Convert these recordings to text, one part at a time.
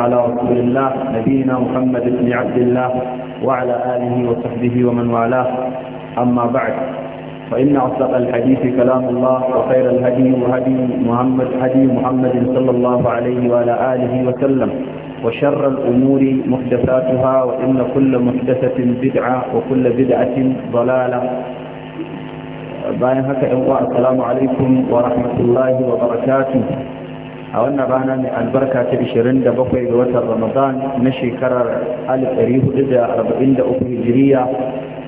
على رسول الله نبينا محمد بن عبد الله وعلى آله وصحبه ومن والاه أما بعد فإن أصدق الحديث كلام الله وخير الهدي وهدي محمد هدي محمد صلى الله عليه وعلى آله وسلم وشر الأمور محدثاتها وإن كل محدثة بدعة وكل بدعة ضلالة باين هكا السلام عليكم ورحمة الله وبركاته a wannan rana mai albarka ta 27 ga watan ramadan na shekarar 1443 hijiriya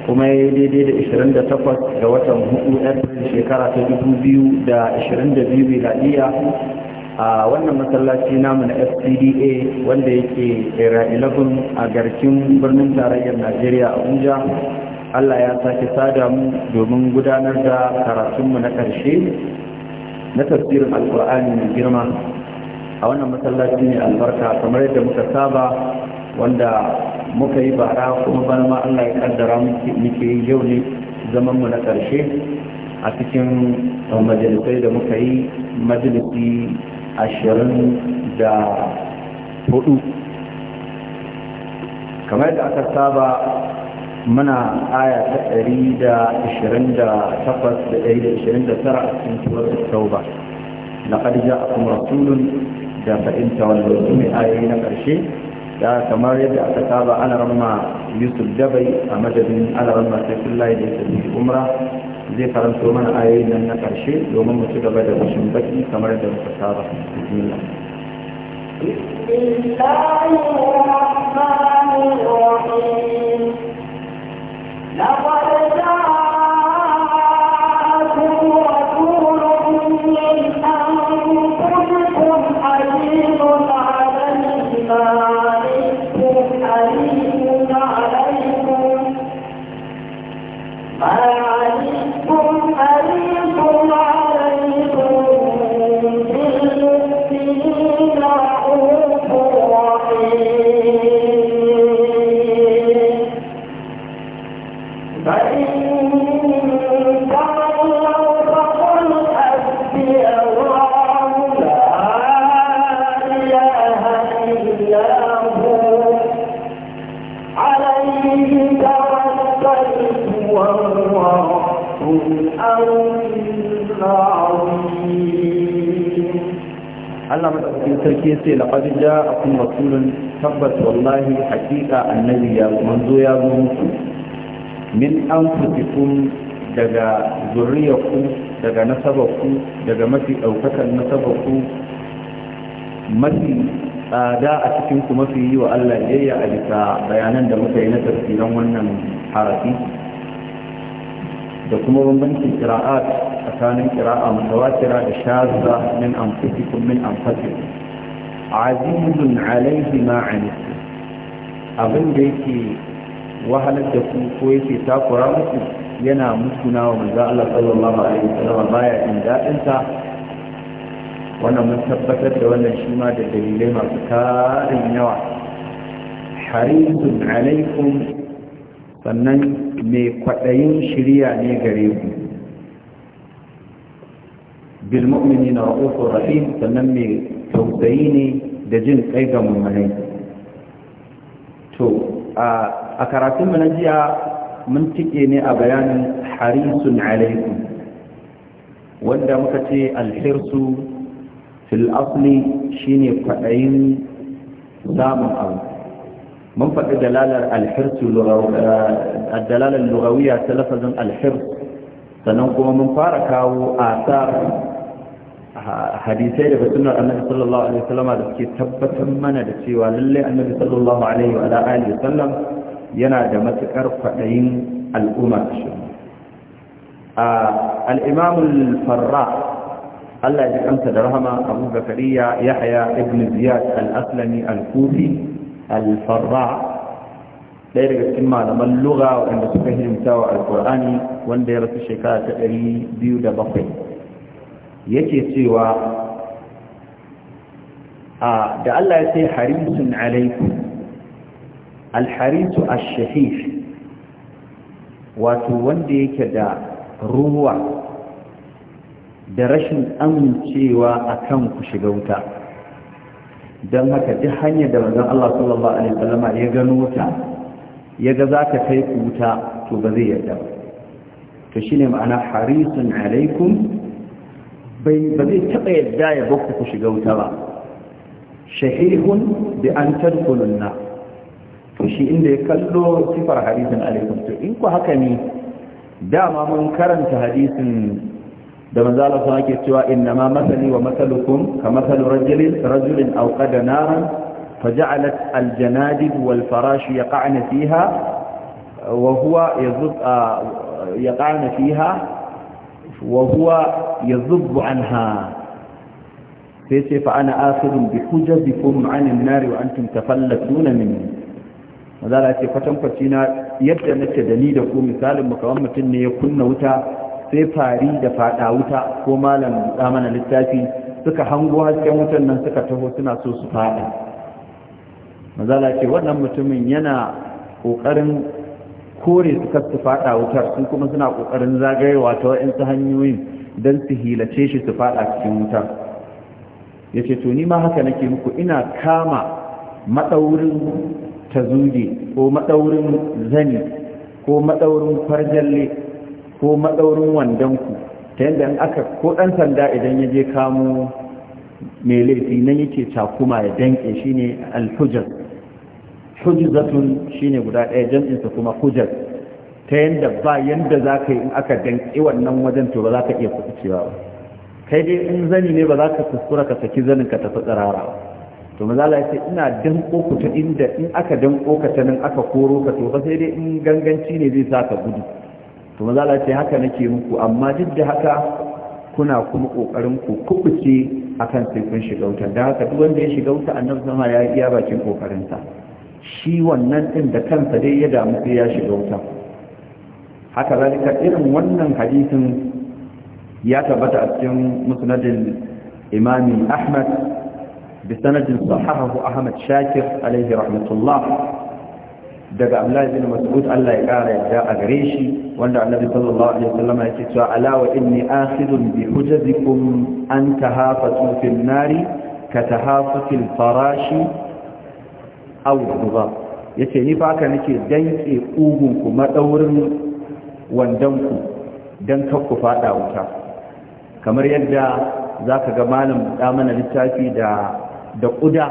kuma ya yi daidai da 28 ga watan 4 april shekara ta 2022 miladiya a wannan masallaci namu na fcda wanda yake era 11 a garkin birnin tarayyar najeriya abuja allah ya sake sada mu domin gudanar da karatunmu na ƙarshe na tafsirin alkur'ani mai girma a wannan masallaci ne albarka kamar yadda muka saba wanda muka yi bara kuma bana ma Allah ya kaddara muke yi yau ne zaman mu na karshe a cikin majalisai da muka yi majalisi ashirin da hudu kamar yadda aka saba muna aya ta 128 da 129 a cikin na tauba a ja'akum rasulun da fa in tawallu mai ayoyi na ƙarshe. da kamar yadda aka saba ana ramma yusuf dabai a madadin ana ramma saifullahi da yusuf umra zai karanto mana ayoyin nan na ƙarshe domin mu ci gaba da rashin baki kamar yadda muka saba bismillah بسم الله الرحمن الرحيم لقد جاء an anfusikum daga zuriyarku daga nasabarku daga mafi ɗaukakar nasabarku mafi tsada a cikinku mafi yi wa Allah biyayya a bisa bayanan da muka yi na tafsiran wannan harafi da kuma bambancin kira'a tsakanin kira'a mutawatira da shazza min anfusikum min anfusikum azizun alaihi ma abin da yake wahalar da ku ko yake takura muku yana mutuna wa manzo Allah sallallahu alaihi wasallam baya in daɗin ta wannan mun tabbatar da wannan shi ma da dalilai masu tarin yawa harisun alaikum sannan mai kwaɗayin shirya ne gare ku bilmu'mini na ra'ufin rahim sannan mai tausayi ne da jin kai ga mummunai to a karatunmu na jiya mun cike ne a bayanin harisun alaikum wanda muka ce alhirsu fil asli shine kwaɗayin samun abu mun faɗi dalalar alhirsu dalalar lugawiya ta lafazin alhirsu sannan kuma mun fara kawo asar hadisai daga sunan annabi sallallahu alaihi wasallam da suke tabbatar mana da cewa lalle annabi sallallahu alaihi wa alihi wasallam yana da matukar kwadayin al'umma shi al-imam al-farra Allah ya da rahama Abu Zakariya Yahya ibn Ziyad al-Aslami al-Kufi al-Farra ɗaya daga cikin malaman lugha waɗanda suka hidimta wa al wanda ya rasu shekara ta biyu da bakwai. yake cewa a da Allah ya ce harisun alaikum alharisu ash wato wanda yake da ruwa da rashin amincewa akan ku shiga wuta don haka duk hanyar da manzon Allah sallallahu alaihi wasallam ya gano ta ya ga zaka kai ku wuta to ba zai yarda ba to shine ma'ana harisun alaikum bai ba zai taɓa yadda ya bakku ku shiga wuta ba shahihun da an tadkhulun na to shi inda ya kallo sifar hadisin alaikum to in ku haka ne dama mun karanta hadisin da manzo Allah sun ake cewa inna ma masani wa masalukum ka masalu rajulin rajulin aw qada naran faja'alat aljanadid wal farash yaqa'na fiha wa huwa yazqa ah, yaqa'na fiha wa huwa ya zubbu anha sai ce fa ana asirin bi hujjazikum anin nari wa antum nuna minni mazala ce kwatankwaci na yadda nake da ni da ku misalin mu kawan mutum ne ya kunna wuta sai fari da fada wuta ko malam da mana littafi suka hango hasken wutan nan suka taho suna so su fada mazala ce wannan mutumin yana kokarin kore su faɗa fada wutar sun kuma suna kokarin zagayewa ta wa'in hanyoyin don su hilace shi su fada cikin wuta ya ce to ma haka nake muku ina kama maɗaurin tazuge ko maɗaurin zani ko maɗaurin Farjalle, ko maɗaurin wandonku ta yadda aka ko ɗan sanda idan ya je kamo mai laifi nan yake cakuma ya danke shine alhujar hujjatun shine guda ɗaya jam'insa kuma hujjar ta yadda ba yanda za ka yi in aka danƙi wannan wajen to ba za ka iya cewa ba kai dai in zani ne ba za ka kuskura ka saki zanin ka tafi tsirara ba to maza la yace ina danƙo ku ta inda in aka danƙo ka ta nan aka koro ka to ba sai dai in ganganci ne zai sa ka gudu to maza la yace haka nake muku amma duk da haka kuna kuma kokarin ku kuɓuce akan sai kun shiga wuta da haka duk wanda ya shiga wuta annabi sama ya yi iya bakin ƙoƙarinsa shi wannan din da kansa dai ya damu sai ya shiga wuta haka zalika irin wannan hadisin ya tabbata a cikin musnadin imami ahmad bi sanadin sahahahu ahmad shakir alaihi rahmatullah daga abdullahi bin mas'ud Allah ya kara yadda a gare shi wanda annabi sallallahu alaihi wasallam yake cewa ala wa inni akhidun bi hujazikum an tahafatu fil nari ka tahafati al farashi aw dhab yace ni fa haka nake danke kugun ku madaurin wandanku don ku fada wuta kamar yadda za ka ga malam mana littafi da kuda ƙuda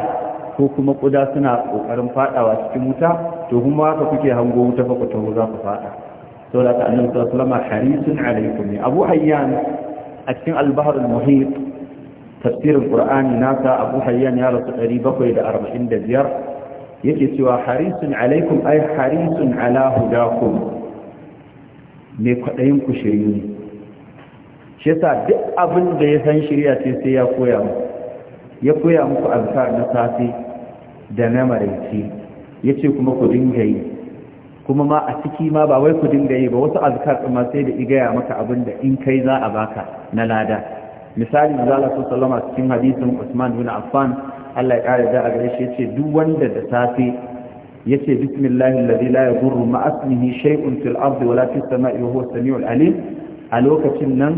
ko kuma ƙuda suna ƙoƙarin fadawa cikin wuta to kuma haka kuke hango wuta fa ku taho za ku fada saboda ka annabi sallallahu alaihi harisun alaikum abu hayyan a cikin al-bahr al-muhit tafsirin qur'ani nasa abu hayyan ya rasu 745 yake cewa harisun alaikum ay harisun ala hudakum mai kwaɗayin ku shiryu ne shi yasa duk abin da ya san shirya ce sai ya koya mu. ya koya muku azkar na safe da na maraice ya ce kuma ku dinga yi kuma ma a ciki ma ba wai ku dinga yi ba wasu azkar ɗin ma sai da igaya maka abin da in kai za a baka na lada misali zala su salama cikin hadisin usman bin affan allah ya ƙara da a gare shi ya ce duk wanda da safe yace bismillahi alladhi la yadurru ma asmihi shay'un fil ardi wala fis sama'i wa huwa as-sami'ul alim a lokacin nan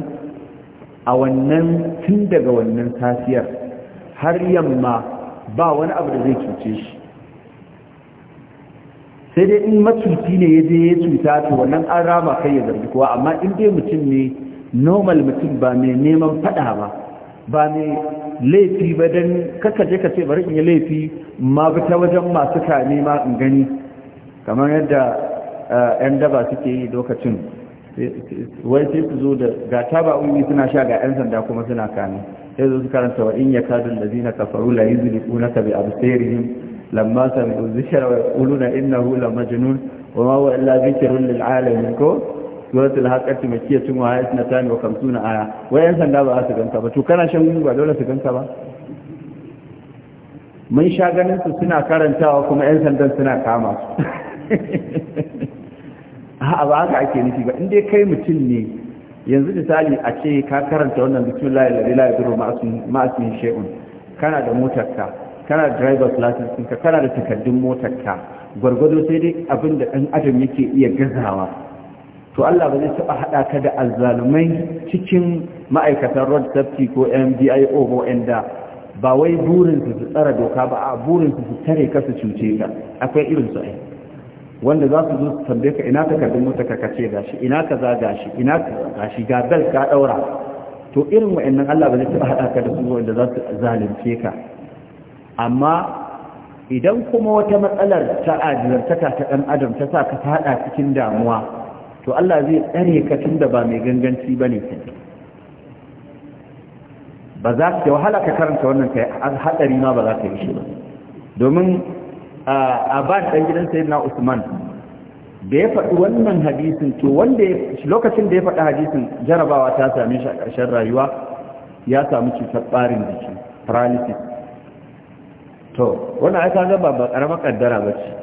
a wannan tun daga wannan safiyar har yamma ba wani abu da zai cuce shi sai dai in macuci ne yaje ya cuta to wannan an rama kai ya zargi kowa amma in dai mutum ne normal mutum ba mai neman fada ba ba ne laifi ba don kakaje ka ce bari in yi laifi ma bi ta wajen masu ka ma in gani kamar yadda 'yan daba suke yi lokacin wai sai su zo da ga ba umi suna sha ga 'yan sanda kuma suna kani. sai zo su karanta wa in ya kadun da zina kafaru la yi zuli kuna ka bi absirihim lamma mai uzishar wa kuluna ina, hula, majinun wa ma wa illa zikirun lil'alamin ko suratul haqqati makkiyatun wa ayatun 52 aya wayan sanda ba su ganta ba to kana shan ba dole su ganta ba mun sha ganin su suna karantawa kuma yan sandan suna kama su a'a ba haka ake nufi ba in dai kai mutum ne yanzu misali a ce ka karanta wannan bismillah la masu yin shay'un kana da motarka kana da driver's license ɗinka kana da takardun motarka gwargwado sai dai abin da ɗan adam yake iya gazawa to Allah ba zai taɓa haɗa ka da azzalumai cikin ma'aikatan road safety ko mdio ko inda ba wai burinsu su tsara doka ba a burinsu su tare ka su cuce ka akwai irin su ai wanda za su zo su tambaye ka ina takardun mota ka kace gashi ina kaza shi, ina shi, ga bel ka daura to irin wa'annan Allah ba zai taɓa haɗa ka da su wanda za su zalunce ka amma idan kuma wata matsalar ta ajiyar ta ɗan adam ta sa ka fada cikin damuwa to Allah zai tsare ka da ba mai ganganci ba ne ke. ba za ka wahala ka karanta wannan kai hadari ma ba za ka yi shi ba domin a ba ɗan gidan na Usman da ya faɗi wannan hadisin to wanda lokacin da ya faɗi hadisin jarabawa ta sami shi a ƙarshen rayuwa ya sami cutar ɓarin jiki paralysis to wannan aka ga ba ba ƙaramar ƙaddara ba ce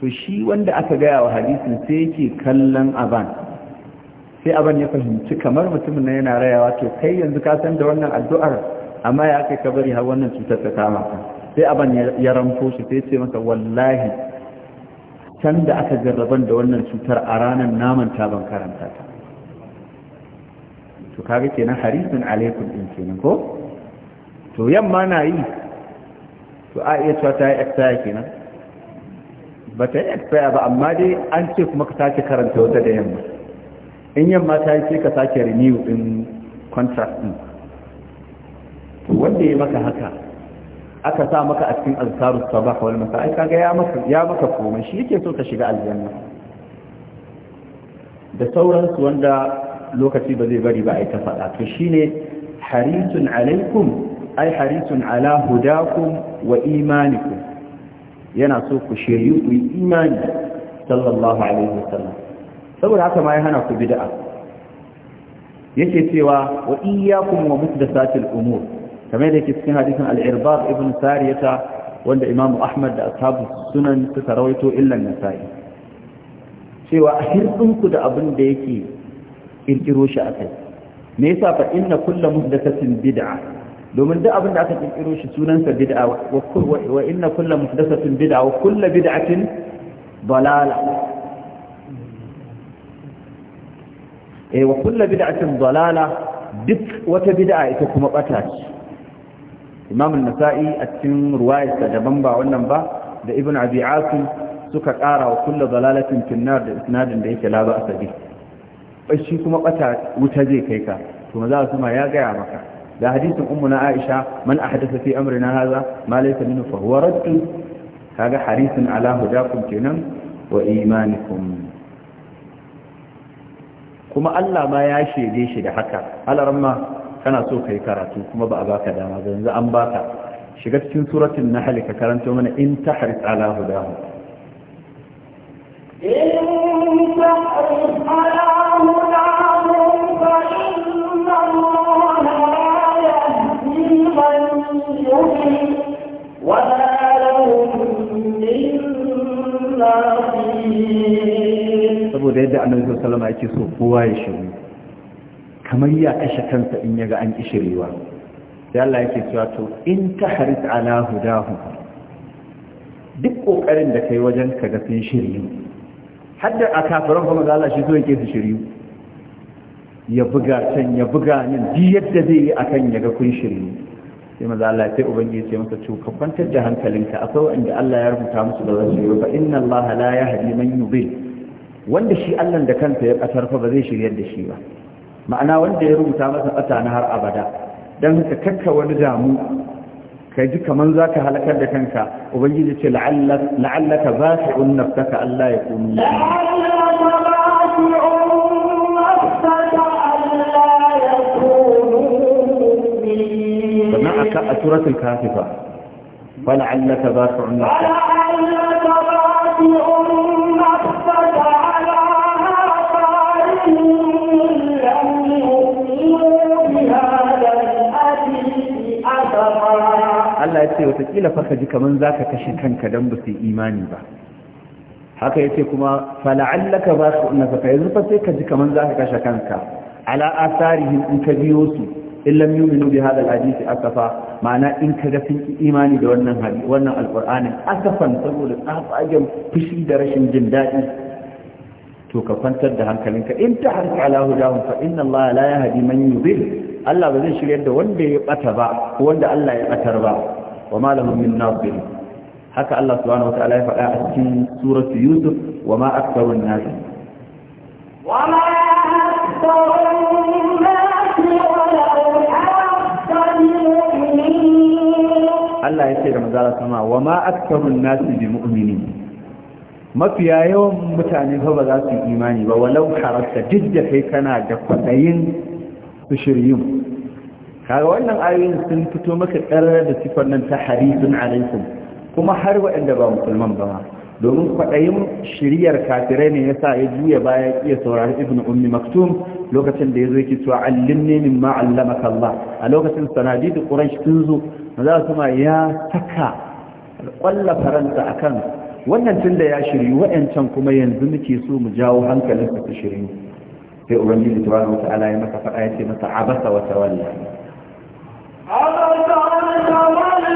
to shi wanda aka gaya wa hadisin sai yake kallon aban sai aban ya fahimci kamar mutumin na yana rayawa to kai yanzu ka san da wannan addu'ar amma ya kai ka bari har wannan cutar ta kama ka sai aban ya ramfo shi sai ce masa wallahi can da aka jarraban da wannan cutar a ranar naman ta ban karanta ta to kaga kenan harisun alaikum din kenan ko to yamma na yi to a iya cewa ta yi kenan ba ta yi expire ba amma dai an ce kuma ka sake karanta wata da yamma in yamma ta yi ce ka sake renew din contract din wanda ya maka haka aka sa maka a cikin azkarus sabah wal masa ai kaga ya maka ya maka komai shi yake so ka shiga aljanna da sauransu wanda lokaci ba zai bari ba a ta faɗa to shine harisun alaikum ai harisun ala hudakum wa imanikum yana so ku shiryu ku yi imani sallallahu alaihi wasallam saboda haka ma ya hana ku bid'a yake cewa wa iyyakum wa muhdathatil umur kamar da yake cikin hadisin al-irbad ibn sariyata wanda imam ahmad da ashabu sunan suka rawaito illan nasa'i cewa a hirdinku da abin da yake kirkiro shi akai me yasa fa inna kullu muhdathatin bid'a domin duk abin da aka kirkiro shi sunansa bid'a wa inna kullu muhdathatin bid'a wa kullu bid'atin dalala eh wa kullu bid'atin dalala duk wata bid'a ita kuma bata ce Imam an-Nasa'i a cikin ruwayarsa daban ba wannan ba da Ibn Abi Asim suka ƙara wa kullu dalalatin finnar da isnadin da yake laba ba asabi shi kuma bata wuta zai kai ka to maza su ma ya gaya maka da hadisin ummu na aisha man ahdatha fi amrina hadha ma laysa minhu fa huwa radd kaga harisun ala hudakum kenan wa imanikum kuma Allah ma ya shede shi da haka alaramma kana so kai karatu kuma ba a baka dama ba yanzu an baka shiga cikin suratul nahl ka karanto mana in tahris ala hudahu in tahris ala Salama yake so kowa ya shiru kamar ya kashe kansa in yaga an kishirewa sai Allah yake cewa to in ta haris ala hudahu duk kokarin da kai wajen ka ga sun shiru hadda a kafiran kuma ga Allah shi so yake su shiru ya buga can ya buga nan di yadda zai yi akan yaga kun shiru sai maza Allah sai ubangiji ce masa to ka kwantar da hankalinka akwai wanda Allah ya rubuta musu da zai yi fa inna Allah la yahdi man yudil wanda shi allan da kanta ya ƙasar fa ba zai shiryar da shi ba ma'ana wanda ya rubuta masa ƙasa na har abada don ka kakka wani damu ka ji kaman za ka halakar da kanka ubangiji ce la'allaka ba su un naftaka Allah ya kunu sannan aka a turatul kafifa fa la'allaka ba su un naftaka ta'ala ya ce watakila faka ji kaman za ka kashe kanka don ba su imani ba haka ya ce kuma fala'allaka ba su nafaka yanzu fa sai ka ji kaman za ka kashe kanka ala asarihin in ka biyo su in lam yuminu bi hadal hadisi asafa ma'ana in ka ga sun imani da wannan hadisi wannan alqur'anin asafan saboda tsafagen fushi da rashin jin daɗi to ka kwantar da hankalinka in ta harfi ala hudahum fa inna allaha la yahdi man yudil Allah ba zai shiryar da wanda ya bata ba wanda Allah ya batar ba wa ma lahum min nasirin haka Allah subhanahu wataala ya faɗa a cikin suratu Yusuf wa ma aktharun nas wa ma nasu. Allah ya ce da manzara sama wa ma aktharun nas bi mafiya yawan mutane fa ba za su yi imani ba walau harasta duk da kai kana da kwaɗayin su shiryu kaga wannan ayoyin sun fito maka ƙarar da sifar nan ta harisun alaikum kuma har waɗanda ba musulman ba ma domin kwaɗayin shiriyar kafirai ne yasa ya juya baya iya saurari ibnu ummi maktum lokacin da ya zo yake cewa allimni min ma allamaka Allah a lokacin sanadi da quraish sun zo maza su ma ya saka kwalla faranta akan wannan tunda ya shiryu waɗancan kuma yanzu muke so mu jawo hankalin su shiryu sai ubangiji subhanahu wa ta'ala ya masa faɗa ya ce masa abasa wa tawalla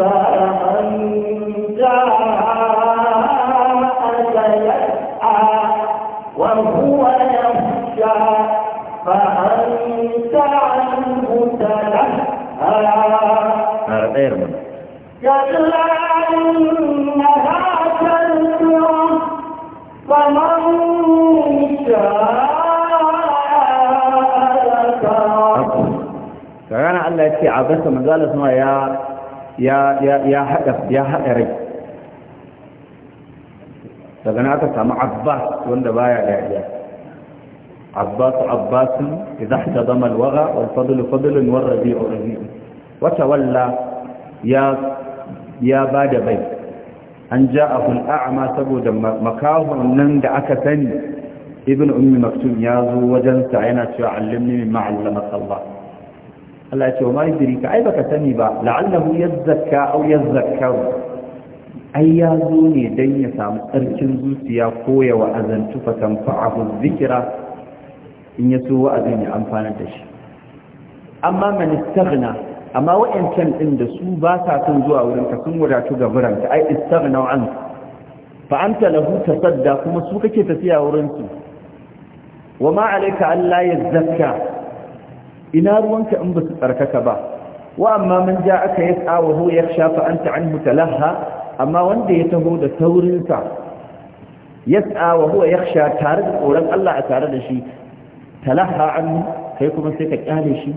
فمن جاءك يسعى وهو يخشى فأنت عنه تلهى كلا إنها تذكرة فمن شاء كان الله يتي عبث من قال اسمه يا ya haɗa rai daga na ta samu abbas wanda baya dariya abbas abbasin idza hadama alwaga wal fadl fadl wal rabi'u rabi'u wa tawalla ya ba da bai an ja ja'ahu al'a'ma saboda makahun nan da aka sani ibn ummi maktum ya zo wajensa yana cewa allimni mimma allamaka Allah Allah ya ce wa ma yudrika ai baka sani ba la'allahu yazzakka aw yazzakkaru ai ya zo ne dan ya samu tsarkin zuciya ko ya wa'azantu fa tanfa'ahu dhikra in ya so wa'azin ya amfana da shi amma man istaghna amma wa'ancan din da su ba sa son zuwa wurin ka sun wadatu ga buranka ai istaghna an fa anta lahu tasadda kuma su kake tafiya wurin su wa ma alayka an la yazzakka ina ruwanka in ba su tsarkaka ba wa amma man ja aka ya tsawo ho ya shafa an ta'an mutalaha amma wanda ya taho da saurinsa ya tsawo ho ya sha tare da tsoron Allah a tare da shi talaha an kai kuma sai ka kyale shi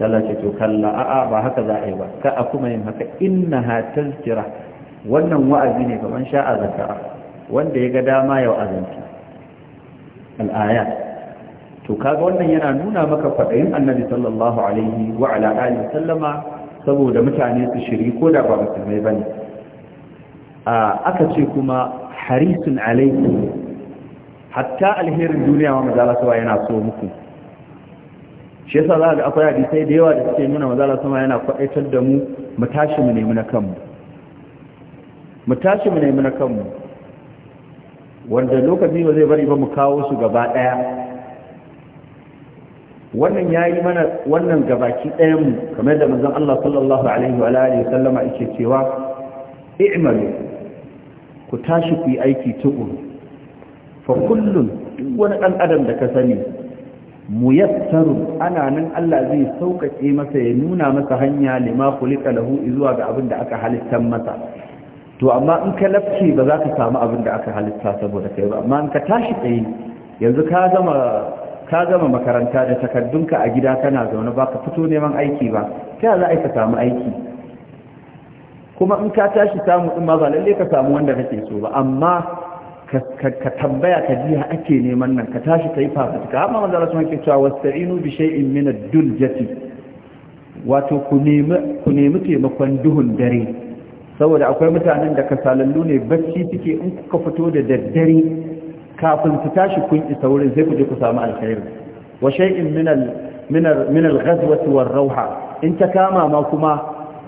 Allah ce to kalla a'a ba haka za a yi ba ka a kuma yin haka innaha tazkira wannan wa'azi ne kamar sha'a zakara wanda ya ga dama yau wa'azanta al to kaga wannan yana nuna maka kwaɗayin annabi sallallahu alaihi wa ala alihi sallama saboda mutane su shiri ko da ba musulmai bane aka ce kuma harisun alaihi hatta alherin duniya wa mazala sama yana so muku shi yasa za ga akwai hadisai da yawa da suke nuna mazala sama yana kwaɗaitar da mu mu tashi mu nemi na kanmu mu tashi mu nemi na kanmu wanda lokaci ba zai bari ba mu kawo su gaba ɗaya wannan yayi mana wannan gabaki ɗayan mu kamar da manzon Allah sallallahu alaihi wa alihi sallama yake cewa i'malu ku tashi ku yi aiki tukuru fa kullun duk wani ɗan adam da ka sani muyassaru ana nan Allah zai sauƙaƙe masa ya nuna masa hanya lima kulika lahu zuwa ga abin da aka halittar masa to amma in ka lafce ba za ka samu abin da aka halitta saboda kai ba amma in ka tashi tsaye yanzu ka zama ka gama makaranta da takardunka a gida kana zaune ba ka fito neman aiki ba ta za ka samu aiki kuma in ka tashi samu ɗin ma ba lalle ka samu wanda kake so ba amma ka tambaya ka jiya ake neman nan ka tashi ka yi fafutuka amma manzo Allah wanke cewa inu bishe in mina ad jati wato ku nemi ku nemi taimakon duhun dare saboda akwai mutanen da kasalallu ne bacci suke in kuka fito da daddare kafin su tashi kun isa wurin sai ku je ku samu alkhairi wa shay'in min al min ghazwati war rauha in ta kama ma kuma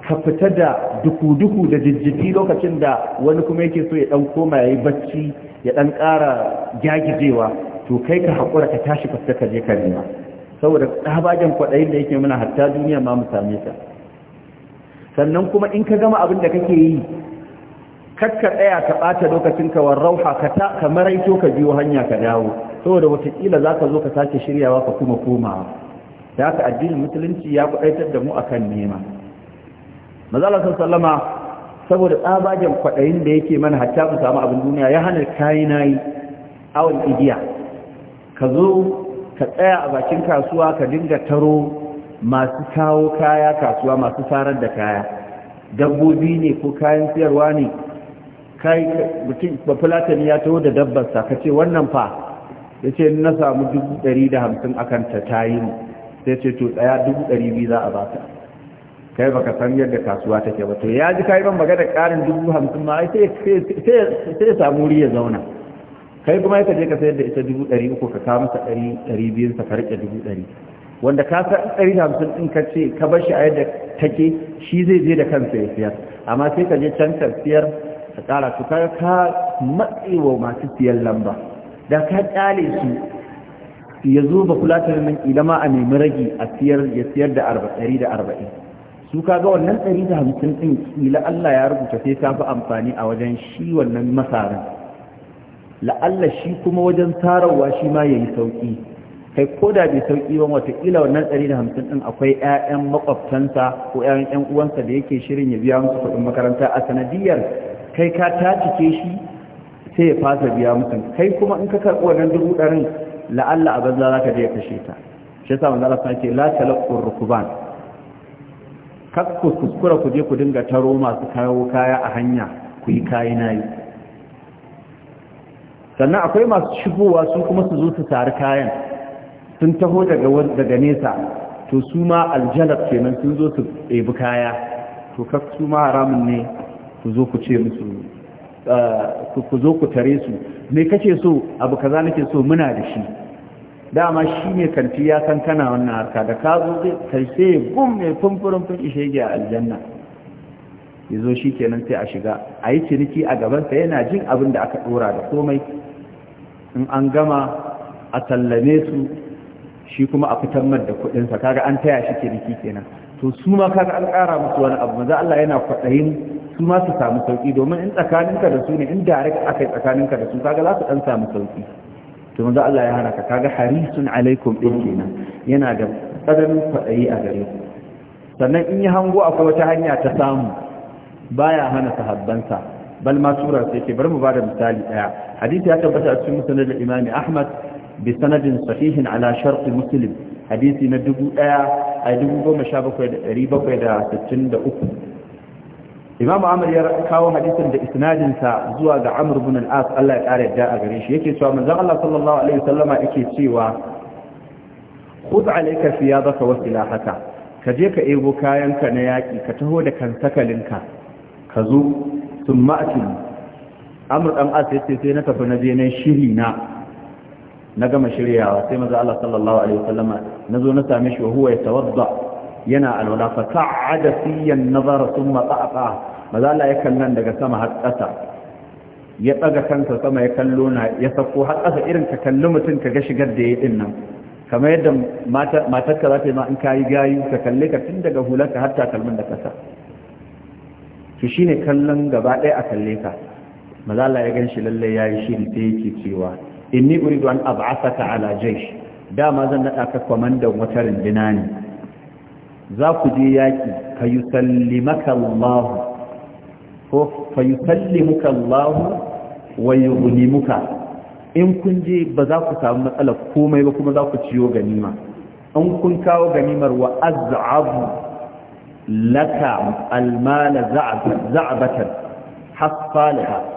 ka fita da duku-duku da jijjiti lokacin da wani kuma yake so ya dan koma ya yi bacci ya dan ƙara gyagijewa to kai ka haƙura ka tashi fasta ka je ka nema saboda tsabagen kwaɗayin da yake muna hatta duniya ma mu same ta sannan kuma in ka gama abin da kake yi kakka tsaya ka ɓata lokacin ka rauha ka ta ka maraito ka biyo hanya ka dawo saboda watakila za ka zo ka sake shiryawa ka kuma komawa da haka addinin musulunci ya kwaɗaitar da mu akan nema mazalar sallama saboda tsabagen kwaɗayin da yake mana hatta mu samu abin duniya ya hana kayi nayi awon igiya ka zo ka tsaya a bakin kasuwa ka dinga taro masu kawo kaya kasuwa masu farar da kaya dabbobi ne ko kayan siyarwa ne kai mutum bafulatani ya taho da dabbarsa ka ce wannan fa ya ce na samu dubu ɗari da hamsin a kanta ta yi sai ce to ɗaya dubu ɗari biyu za a baka kai baka san yadda kasuwa take ba to ya ji kai ban magana ƙarin dubu hamsin ma sai ya samu wuri ya zauna kai kuma ka je ka sayar da ita dubu ɗari uku ka kawo masa ɗari ɗari biyun sa ka riƙe dubu ɗari wanda ka san ɗari da hamsin ɗin ka ce ka bar shi a yadda take shi zai je da kansa ya siyar amma sai ka je can ka siyar ka ƙara to kaga ka matse wa masu siyan lamba da ka ƙyale su ya zo ba kula ta nan ƙila ma a nemi ragi a siyar ya siyar da ɗari da arba'in su ka ga wannan ɗari da hamsin ɗin ƙila Allah ya rubuta sai ta fi amfani a wajen shi wannan masarin la'alla shi kuma wajen tarawa shi ma ya yi sauƙi kai ko da bai sauƙi ban watakila wannan ɗari da hamsin ɗin akwai 'ya'yan maƙwabtansa ko 'ya'yan 'yan uwansa da yake shirin ya biya musu kuɗin makaranta a sanadiyar kai ka cike shi sai ya fasa biya mutum kai kuma in ka karɓi wannan dubu ɗarin la'alla a banza za ka je kashe ta shi yasa manzo Allah yake la talaqur rukuban kakku kuskura ku je ku dinga taro masu kawo kaya a hanya ku yi kayi nayi sannan akwai masu shigowa su kuma su zo su tari kayan sun taho daga daga nesa to su ma aljalab kenan sun zo su ɗebi kaya to kak su ma haramun ne ku zo ku ce musu ah, ku zo ku tare su me kace so abu kaza nake so muna da shi dama shi ne kanti ya san kana wannan harka da ka zo zai karshe gum mai fumfurin fun ishege a aljanna ya zo shi kenan sai a shiga a yi ciniki a gabansa yana jin abin da aka dora da komai in an gama a tallame su shi kuma a fitar mar da kuɗinsa kaga an taya shi ciniki kenan to su ma kaga an musu wani abu Maza Allah yana kwaɗayin su ma su samu sauki domin in tsakaninka da su ne in direct aka yi tsakaninka da su kaga za su dan samu sauki to maza Allah ya hana ka kaga harisun alaikum ɗin kenan yana da tsananin kwaɗayi a gare ku sannan in yi hango akwai wata hanya ta samu baya hana sahabbansa bal ma sura sai ke bar mu da misali ɗaya. hadisi ya tabbata a cikin musnad al Ahmad bi sanadin sahihin ala shart muslim hadisi na dubu ɗaya. a goma sha bakwai da da sittin uku? imamu amur ya kawo hadisin da isnadinsa zuwa ga amur bin al'as Allah ya ƙara yadda a gare shi yake cewa manzan Allah sallallahu alaihi wasallama yake cewa khud alayka fiyadaka wa silahaka ka je ka ebo kayanka na yaƙi ka taho da kansakalinka ka zo sun ma'akin amur ɗan as ya ce sai na tafi na je na shiri na na gama shiryawa sai maza Allah sallallahu alaihi wasallama nazo na same shi wa huwa yatawadda yana alwala fa ta'ada fiyan nazara sun ta'ata maza Allah ya kallan daga sama har ƙasa ya ɗaga kansa sama ya kallo na ya sako har ƙasa irin ka kalli mutum ka ga shigar da yayi din nan kamar yadda matarka za ta yi ma in kayi gayu ka kalle ka tun daga hularka har takalmin da ƙasa. to shine kallon gaba ɗaya a kalle ka mazala ya gan shi lallai ya yi shiri ta yake cewa inni uridu an ab'athaka ala jaysh dama zan nada ka komandan wata rindina ne za ku je yaki ka yusallimaka Allah ko fa yusallimuka Allah wa yughnimuka in kun je ba za ku samu matsala komai ba kuma za ku ciyo ganima an kun kawo ganimar wa az'abu laka almala za'batan hasfalaha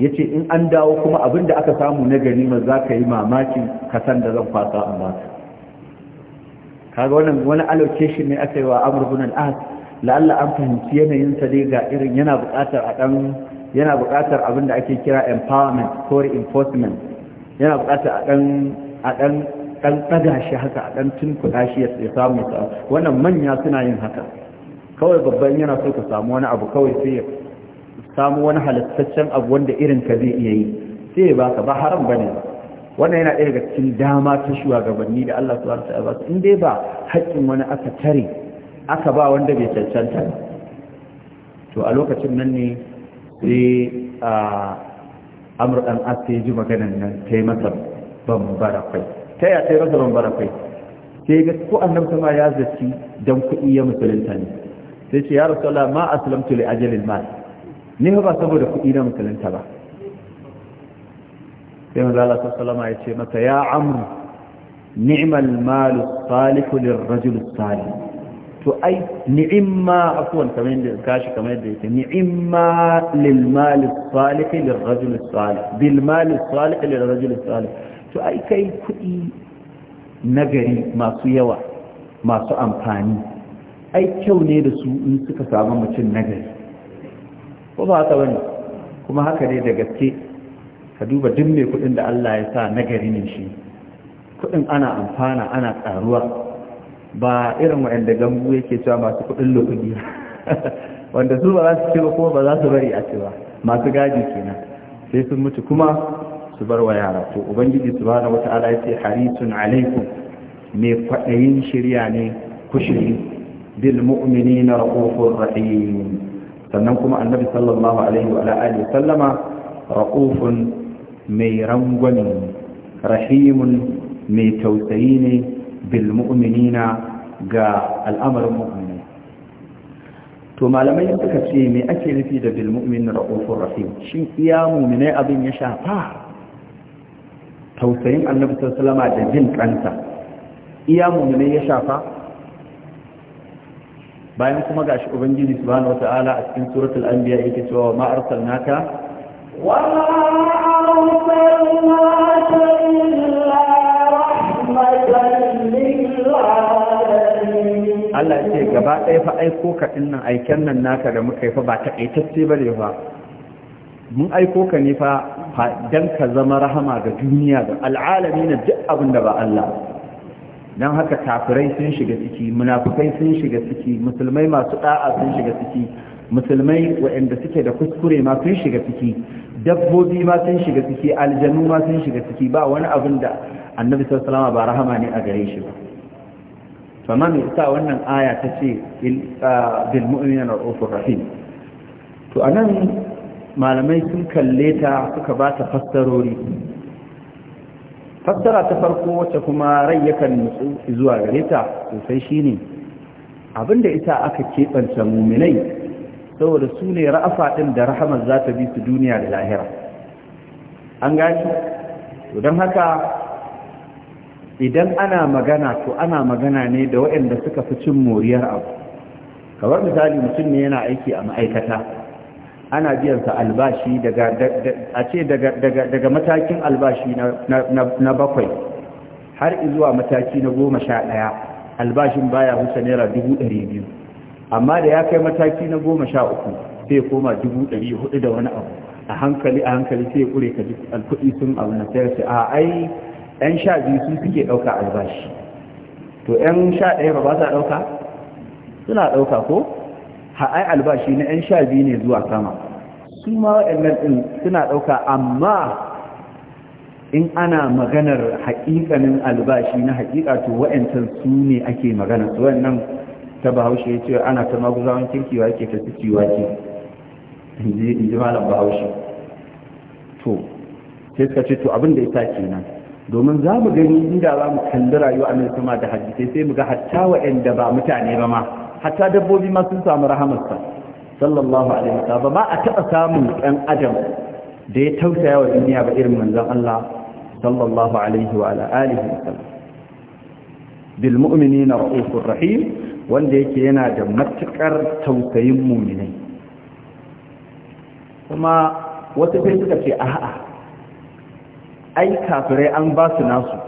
ya ce in an dawo kuma abin da aka samu na ma za ka yi mamakin kasan da zan fasa an ba kaga wannan wani allocation ne aka yi wa amurbin al'ad la'alla an fahimci yanayin dai ga irin yana buƙatar a ɗan yana buƙatar abin da ake kira empowerment ko reinforcement yana buƙatar a ɗan a ɗan ɗan ɗaga shi haka a ɗan tunkuɗa shi ya samu wannan manya suna yin haka kawai babban yana so ka samu wani abu kawai sai samu wani halittaccen abu wanda irin ka zai iya yi sai ba ka ba haram bane ba wannan yana daga cikin dama ta shugabanni da Allah subhanahu wa ta'ala in dai ba haƙƙin wani aka tare aka ba wanda bai cancanta to a lokacin nan ne sai a amur dan asse ya ji maganan nan ta masa bambara kwai ta ya ta yi masa bambara kwai sai ga ko annab sama ya zaci dan kuɗi ya musulunta ne sai ce ya rasu ma aslamtu li ajalil mal ni ba saboda kuɗi na musulunta ba sai manzo Allah sallallahu ya ce mata ya amru ni'mal malu salihu lirrajul salih to ai ni'imma afwan kamar yadda gashi kamar yadda yake ni'imma lil mal salih lirrajul salih bil mal salih lirrajul to ai kai kuɗi nagari masu yawa masu amfani ai kyau ne da su in suka samu mutum nagari ko ba haka wani kuma haka ne da gaske ka duba duk mai kuɗin da Allah ya sa na gari ne shi kuɗin ana amfana ana karuwa ba irin waɗanda gambu yake cewa masu kuɗin lokaci wanda su ba za su ci ba kuma ba za su bari a cewa. ba masu gadi kenan sai sun mutu kuma su bar wa yara to ubangiji subhanahu wata'ala yace harisun alaikum me kwaɗayin shirya ne ku shiri bil mu'minina raufur rahim sannan kuma annabi sallallahu alaihi wa alihi sallama ra'ufun mai rangwani rahimun mai tausayi ne bil mu'minina ga al'amarin mu'mini to malamai suka ce me ake nufi da bil mu'min ra'ufur rahim shin iya mu'minai abin ya shafa tausayin annabi sallallahu alaihi wa da jin kansa iya mu'minai ya shafa bayan kuma gashi ubangiji subhanahu wataala a cikin suratul anbiya yake cewa ma arsalnaka wa ma arsalnaka illa rahmatan lil alamin Allah ce gaba ɗaya fa aiko ka dinnan aiken nan naka da muka yi fa ba takaitacce bane fa mun aiko ka ne fa dan ka zama rahama ga duniya ga al'alamin duk abin da ba Allah don haka kafirai sun shiga ciki munafukai sun shiga ciki musulmai masu da'a sun shiga ciki musulmai waɗanda suke da kuskure ma sun shiga ciki dabbobi ma sun shiga ciki aljanu ma sun shiga ciki ba wani abin da annabi sallallahu ba rahama ne a gare shi ba to amma me yasa wannan aya ta ce bil mu'minina ra'ufur rahim to anan malamai sun kalle ta suka ba ta fassarori fassara ta farko wacce kuma rai yakan nutsu zuwa gare ta sosai shine abinda ita aka keɓance muminai saboda su ne ra'afa ɗin da rahamar za ta bi su duniya da lahira an gani to don haka idan ana magana to ana magana ne da waɗanda suka fi cin moriyar abu kamar misali mutum ne yana aiki a ma'aikata ana biyansa albashi daga a ce daga matakin albashi na bakwai har zuwa mataki na goma sha ɗaya albashin baya wuce naira dubu ɗari biyu amma da ya kai mataki na goma sha uku sai koma dubu ɗari hudu da wani abu a hankali a hankali sai kure ka alkudi sun abu na sai sai a ai yan sha biyu sun suke ɗauka albashi to yan sha ɗaya ba ba sa ɗauka suna ɗauka ko ha'ai albashi na 'yan sha biyu ne zuwa sama su ma waɗannan ɗin suna ɗauka amma in ana maganar haƙiƙanin albashi na haƙiƙa to wa'yancan su ne ake magana su wannan ta bahaushe ya ce ana ta maguzawan kirkiwa ke ta ciwa ke in ji malam bahaushe to sai suka ce to abin da ya sake kenan domin za mu gani inda za mu kalli rayuwa a nan sama da hadisai sai mu ga hatta wa'anda ba mutane ba ma hatta dabbobi ma sun samu rahamarsa sallallahu alaihi wasallam ba a taɓa samun ɗan adam da ya tausaya wa duniya ba irin manzon Allah sallallahu alaihi wa alihi wasallam bil mu'minina ra'ufur rahim wanda yake yana da matukar tausayin mu'minai kuma wasu sai suka ce a'a ai kafirai an ba su nasu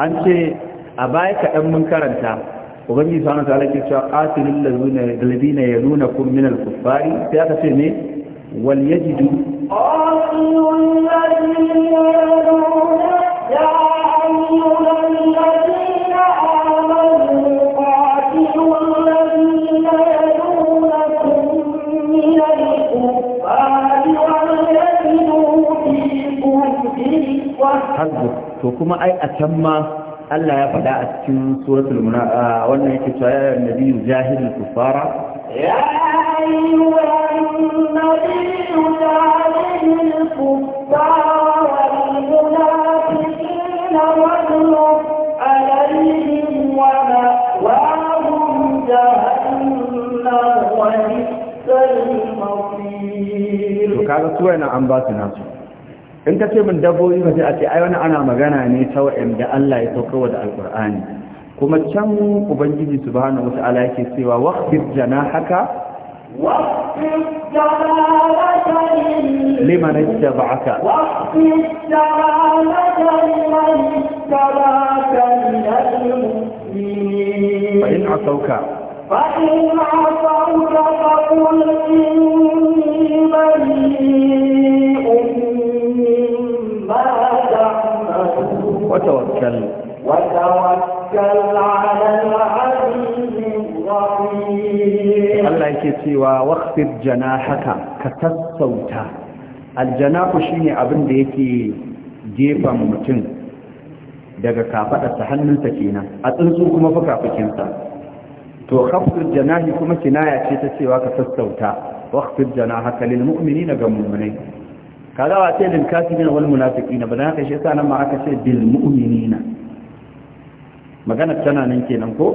an ce a baya kaɗan mun karanta ubangiji sana ta alaƙi cewa ƙatilin lalzina ya nuna kun min alkufari sai aka ce ne wal yajidu ƙatilin lalzina ya nuna ya ayyukan lalzina amanu ƙatilin lalzina ya nuna kun min alkufari wal yajidu fi kun to kuma ai a can ma Allah ya faɗa a cikin suratul munafiqun wannan yake cewa ya nabi jahilul kufara ya ayyuhan nabi jahilul kufara wal munafiqina wajhum alayhim wa ma'wahum jahannam wa bi'sal mawqir kaga su yana an ba su nasu in ka ce min dabbobi ba sai a ce ai wani ana magana ne ta da Allah ya sauka saukarwa da alkur'ani kuma can ubangiji subhanahu wata'ala yake cewa waqfir janahaka waqfir lima liman ittaba'aka waqfir janahaka liman ittaba'aka min al-mu'minin fa in asawka sauka. in asawka sauka inni man وتوكل وتوكل على العزيز الرحيم الله يكي سوى واخفض جناحك abin da yake gefen mutum daga kafaɗarsa hannunsa kenan a tsuntsu kuma fa kafakinsa to khafdul janahi kuma kinaya ce ta cewa ka sassauta waqfid janahaka lil mu'minina ga mu'minai ka ba sai lil kafirin wal munafiqina ba dan haka shi yasa nan ma aka ce bil mu'minina magana tana nan kenan ko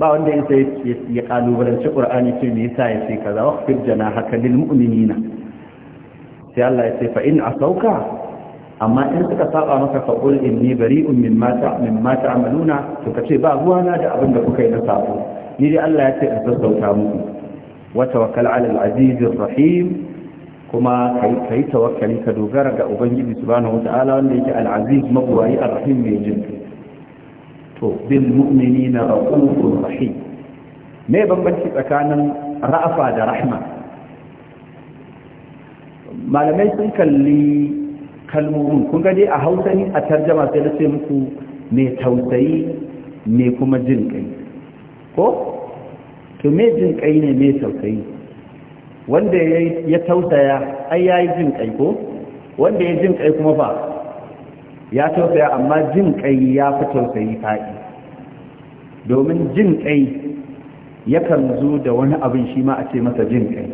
ba wanda ya sai ya kalubalanci qur'ani ce me yasa ya ce kaza waqfir jana haka lil mu'minina sai Allah ya ce fa in asauka amma in suka saba maka fa qul inni bari'un mimma ta mimma ta'maluna to ce ba ruwana da abin da kuka yi na sabo ni dai Allah ya ce in sassauta muku wa tawakkal 'ala al-'aziz rahim kuma ka yi tawakkali ka dogara ga ubangiji subhanahu ta'ala wanda yake al'aziz magwayi arrahim mai jin to bil mu'minina raqubur rahim me bambanci tsakanin ra'afa da rahma malamai sun kalli kalmomin kun gani a hausa ni a tarjama sai na ce muku mai tausayi ne kuma jin kai ko to me jin kai ne mai tausayi wanda ya tausaya ai ya yi jin kai ko wanda ya jin kai kuma fa ya tausaya amma jin kai ya fi tausayi fa'i domin jin kai yakan zo da wani abin shi ma a ce masa jin kai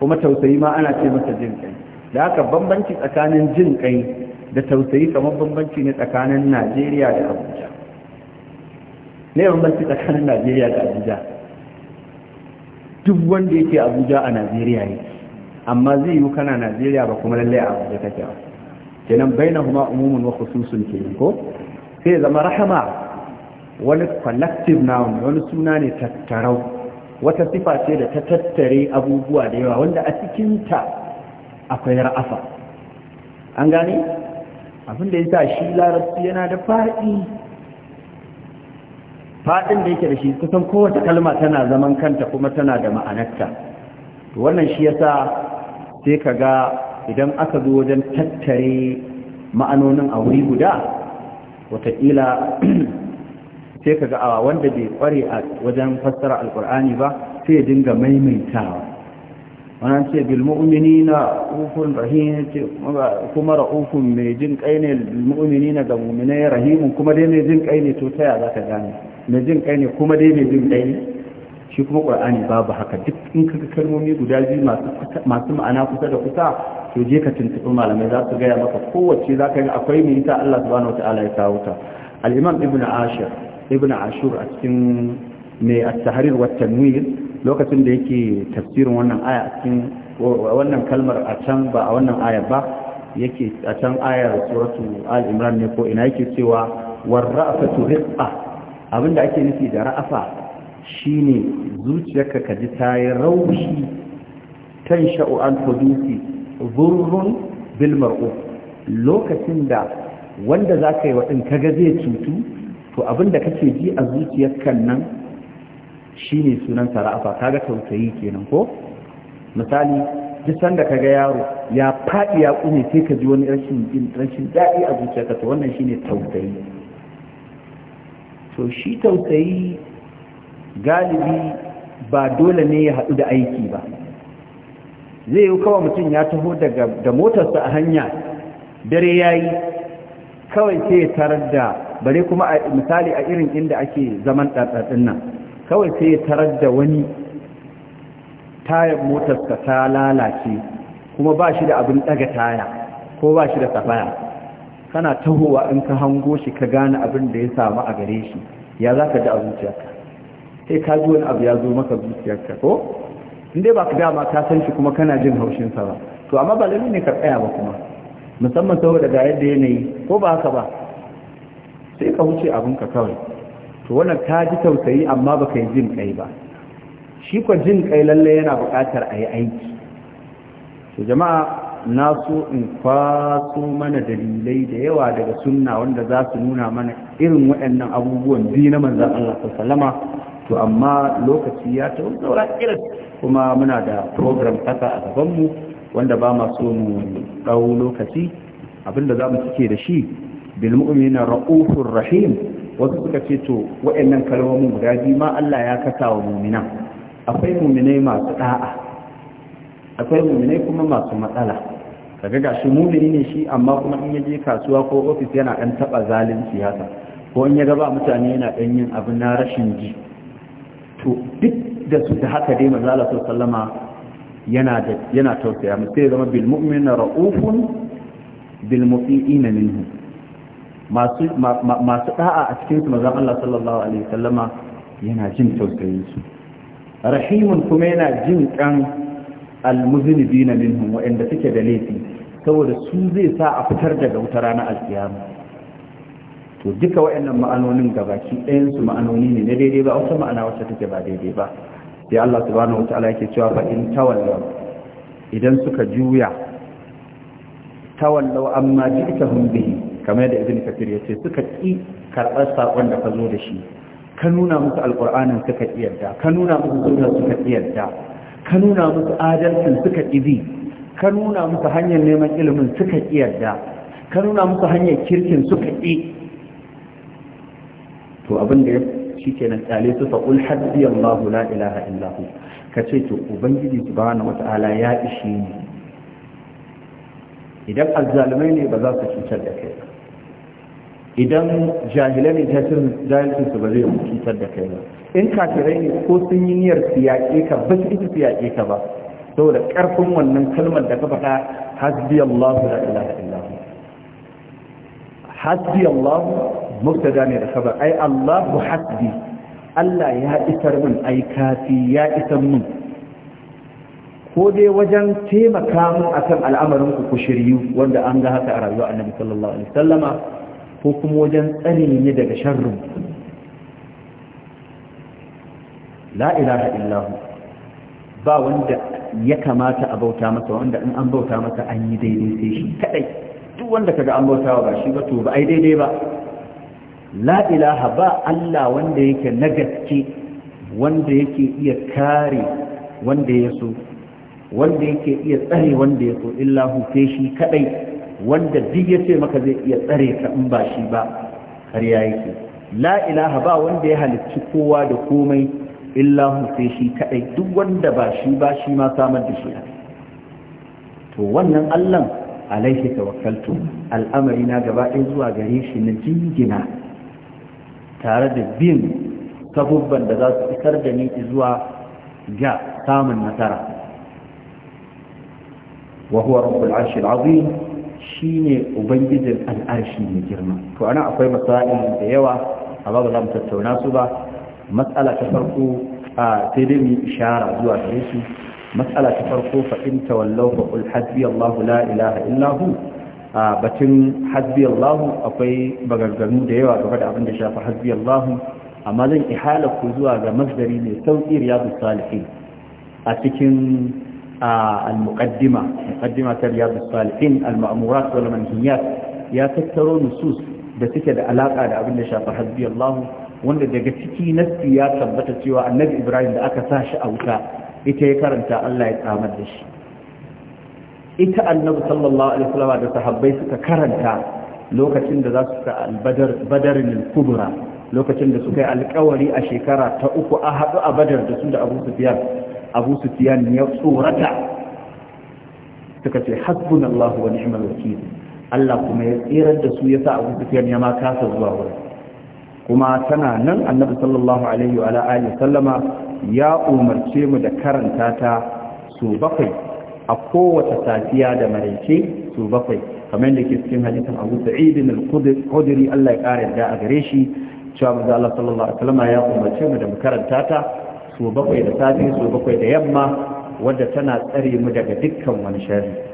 kuma tausayi ma ana ce masa jin kai da haka bambanci tsakanin jin kai da tausayi kamar bambanci ne tsakanin najeriya da abuja ne bambanci tsakanin najeriya da abuja duk wanda yake abuja a najeriya ne amma zai yi kana najeriya ba kuma lallai a abuja kake ba kenan bainahuma umumun wa khususun yi ko sai zama rahama wani collective noun wani suna ne tattarau wata sifa ce da ta tattare abubuwa da yawa wanda a cikinta akwai ra'afa an gane abinda ya sa shi larabci yana da faɗi faɗin da yake da shi kusan kowace kalma tana zaman kanta kuma tana da ma'anarta wannan shi yasa sai ka ga idan aka zo wajen tattare ma'anonin a wuri guda watakila sai ka ga awa wanda bai kware a wajen fassara alkur'ani ba sai ya dinga maimaitawa wannan ce bilmu'mini na ufun rahim ce kuma ra'ufun mai jin kai ne bilmu'mini na ga mu'minai rahimun kuma dai mai jin kai ne to ta ya za ka gane mai jin kai ne kuma dai mai jin kai ne. shi kuma ƙur'ani babu haka duk in kaga kalmomi guda biyu masu ma'ana kusa da kusa to je ka tuntuɓi malamai za su gaya maka kowace za ka ga akwai mai ta Allah subhanahu ta'ala ya kawo ta al'imam ibn ashur ibn ashur a cikin mai at-tahrir wa tanwir lokacin da yake tafsirin wannan aya a cikin wannan kalmar a can ba a wannan aya ba yake a can ayar suratu al-imran ne ko ina yake cewa warra'atu riqqa Abin da ake nufi da ra'afa shine zuciyarka ka ji ta yi raushi tan sha'u an hudusi zurrun bil mar'u lokacin da wanda za ka yi waɗin kaga zai cutu to abinda kake ji a zuciyarka nan shine sunan ra'afa ga tausayi kenan ko misali duk sanda kaga yaro ya faɗi ya ƙune sai ka ji wani rashin daɗi a zuciyarka to wannan shine tausayi to shi tausayi galibi ba dole ne ya haɗu da aiki ba zai yi kawai mutum ya taho da motarsa a hanya dare ya yi kawai sai tarar da bare kuma a misali a irin inda ake zaman ɗaɗaɗin nan kawai sai ya tarar da wani tayar motarsa ta lalace kuma ba shi da abin ɗaga taya ko ba shi da safaya kana tahowa in ka hango shi ka gane abin da ya samu a gare shi ya za ka ji a zuciyarka sai ka ji wani abu ya zo maka zuciyarka ko in dai ba ka dama ka san shi kuma kana jin haushinsa ba to amma ba lalle ne ka tsaya ba kuma musamman saboda ga yadda yanayi ko ba haka ba sai ka huce ka kawai to wannan ka ji tausayi amma ba ka yi jin kai ba shi kwa jin kai lalle yana buƙatar a yi aiki to jama'a na so in kwaso mana dalilai da yawa daga sunna wanda za su nuna mana irin waɗannan abubuwan biyu na manzan Allah sallama to amma lokaci ya ta saura irin kuma muna da program kasa a gabanmu wanda ba ma so mu ɗau lokaci abinda za mu cike da shi bil mu'mina ra'ufur rahim wasu suka ce to wa'annan kalmomin guda biyu ma Allah ya kasa wa mu'mina akwai mu'minai masu da'a akwai muminai kuma masu matsala kaga gashi mumini ne shi amma kuma in ya je kasuwa ko ofis yana dan taba zalunci haka ko in ya ga ba mutane yana dan yin abu na rashin ji to duk da su da haka dai manzo Allah sallama yana da yana tausaya mu sai zama bil na raufun bil na minhu masu masu da'a a cikin su manzo Allah sallallahu alaihi wasallama yana jin tausayin su rahimun kuma yana jin kan almuzinibina minhum waɗanda suke da laifi saboda su zai sa a fitar daga wuta ranar alkiyama to duka waɗannan ma'anonin gabaki ɗayansu ma'anoni ne na daidai ba wata ma'ana wacce take ba daidai ba sai Allah subhanahu wataala yake cewa fa in tawallaw idan suka juya tawallaw amma ji'tahum bihi kamar yadda ibn kathir yace suka ki karɓar sakon da ka zo da shi ka nuna musu alqur'anin suka ki yarda ka nuna musu sunna suka ki yarda ka nuna musu adalcin suka ƙibi ka nuna musu hanyar neman ilimin suka ƙiyarda ka nuna musu hanyar kirkin suka ƙi to abin da ya shi nan tsale su fa'ul haddi Allah la ilaha illahu ka ce to ubangiji subhanahu wata'ala ya ishi ni idan azzalumai ne ba za su cutar da kai idan jahilai ne jahilcin su ba zai cutar da kai ba in kafirai ne ko sun yi niyyar su yaƙe ka ba su isa su yaƙe ka ba saboda ƙarfin wannan kalmar da ka faɗa hasbi Allahu la ilaha illa hasbi allahu mubtada ne da khabar ai Allahu hasbi Allah ya isar min ai kafi ya isar min ko dai wajen taimaka mun akan al'amarin ku shiryu wanda an ga haka a rayuwar Annabi sallallahu alaihi wasallama ko kuma wajen tsare ni daga sharrin la illahu ba wanda ya kamata a bauta masa wanda in an bauta masa an yi daidai sai shi kadai duk wanda kaga an bauta ba shi ba to ba ai daidai ba la ilaha ba Allah wanda yake na gaske wanda yake iya kare wanda ya so wanda yake iya tsare wanda ya so illahu sai shi kadai wanda duk ya ce maka zai iya tsare ka in ba shi ba har ya yake la ilaha ba wanda ya halicci kowa da komai illahu sai shi kaɗai duk wanda ba shi ba shi ma samar da shi to wannan allan alaihi tawakkaltu al'amari na gaba ɗaya zuwa gare shi na jingina tare da bin sabubban da za su isar da ni zuwa ga samun nasara wa huwa rabbul arshil azim shine ubangijin al'arshi mai girma to ana akwai masail da yawa amma ba za mu tattauna su ba matsala ta farko a sai ishara zuwa gare su matsala ta farko fa in tawallaw fa la ilaha illahu a batun hasbi allahu akwai bagarganu da yawa gaba da abin da shafi hasbi Allah amma zan ihala ku zuwa ga masdari mai sauki riyadus salihin a cikin al-muqaddima muqaddima ta riyadus salihin al-ma'murat wal manhiyat ya tattaro nusus da suke da alaka da abin da shafi wanda daga ciki nassi ya tabbata cewa annabi ibrahim da aka sa shi a wuta ita ya karanta allah ya tsamar da shi ita annabi sallallahu alaihi wasallam da sahabbai suka karanta lokacin da za su ta albadar badarin kubra lokacin da suka yi alkawari a shekara ta uku a haɗu a badar da su da abu sufiyan abu sufiyan ya tsorata suka ce wa ni'mal wakil Allah kuma ya tsirar da su ya sa abu sufiyan ya ma kasa zuwa wurin kuma tana nan annabi sallallahu alaihi wa alihi sallama ya umarce mu da karanta ta su bakwai a kowace safiya da maraice su bakwai kamar da ke cikin hadisin Abu Sa'id al-Khudri Allah ya kare da a gare shi cewa manzo Allah sallallahu alaihi wa ya umarce mu da mu karanta ta su bakwai da safi su bakwai da yamma wadda tana tsare mu daga dukkan wani sharri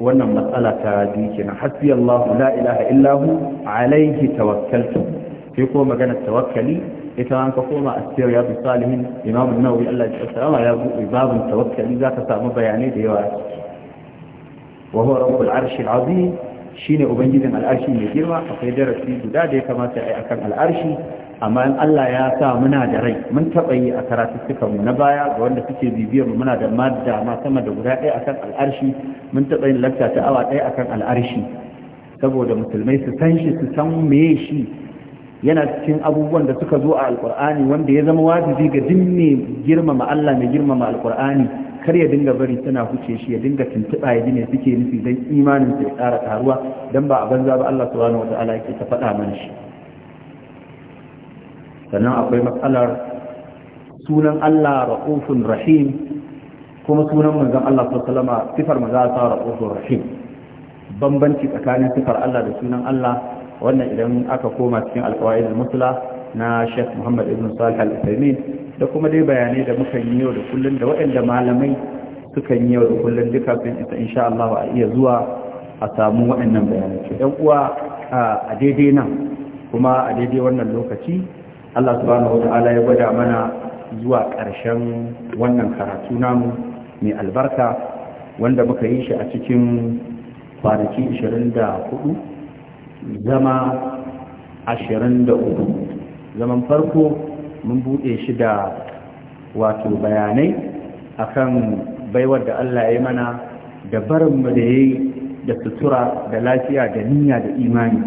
wannan matsala ta biyu kenan hasbi Allah la ilaha illa hu alayhi tawakkaltu sai ko magana tawakkali ita an ka koma a cikin imamin salihin imamu nawawi Allah ya tsara ya buɗe babin tawakkali zaka samu bayanai da yawa wa huwa rabbul arshil azim shine ubangijin al'arshi mai girma akwai darasi guda da ya kamata a akan al'arshi amma in Allah ya sa muna da rai mun taɓa yi a mu na baya ga wanda suke bibiyar mu muna da madda ma sama da guda ɗaya akan al'arshi mun taɓa yin lakta ta awa ɗaya akan al'arshi saboda musulmai su san shi su san me shi yana cikin abubuwan da suka zo a alkur'ani wanda ya zama wajibi ga duk mai girmama Allah mai girmama alkur'ani kar ya dinga bari suna huce shi ya dinga tuntuɓa ya ji ne suke nufi don imanin su ya ƙara ƙaruwa don ba a banza ba Allah subhanahu wa ta'ala yake ta faɗa mana shi sannan akwai matsalar sunan Allah ra'ufun rahim kuma sunan manzon Allah sallama sifar maza ta ra'ufun rahim bambanci tsakanin sifar Allah da sunan Allah wannan idan aka koma cikin alƙawaid al-musla na Sheikh Muhammad ibn Salih al-Uthaymeen da kuma dai bayanai da muka yi yau da da waɗanda malamai suka yi yau da kullun duka sun isa insha Allah a iya zuwa a samu waɗannan bayanai ɗan uwa a daidai nan kuma a daidai wannan lokaci Allah subhanahu ya gwada mana zuwa ƙarshen wannan karatu namu mai albarka wanda muka yi shi a cikin kwanaki 24 zama 24 zaman farko mun buɗe shi da wato bayanai akan baiwar da Allah ya yi mana da mu da ya yi da sutura da lafiya da niyya da imani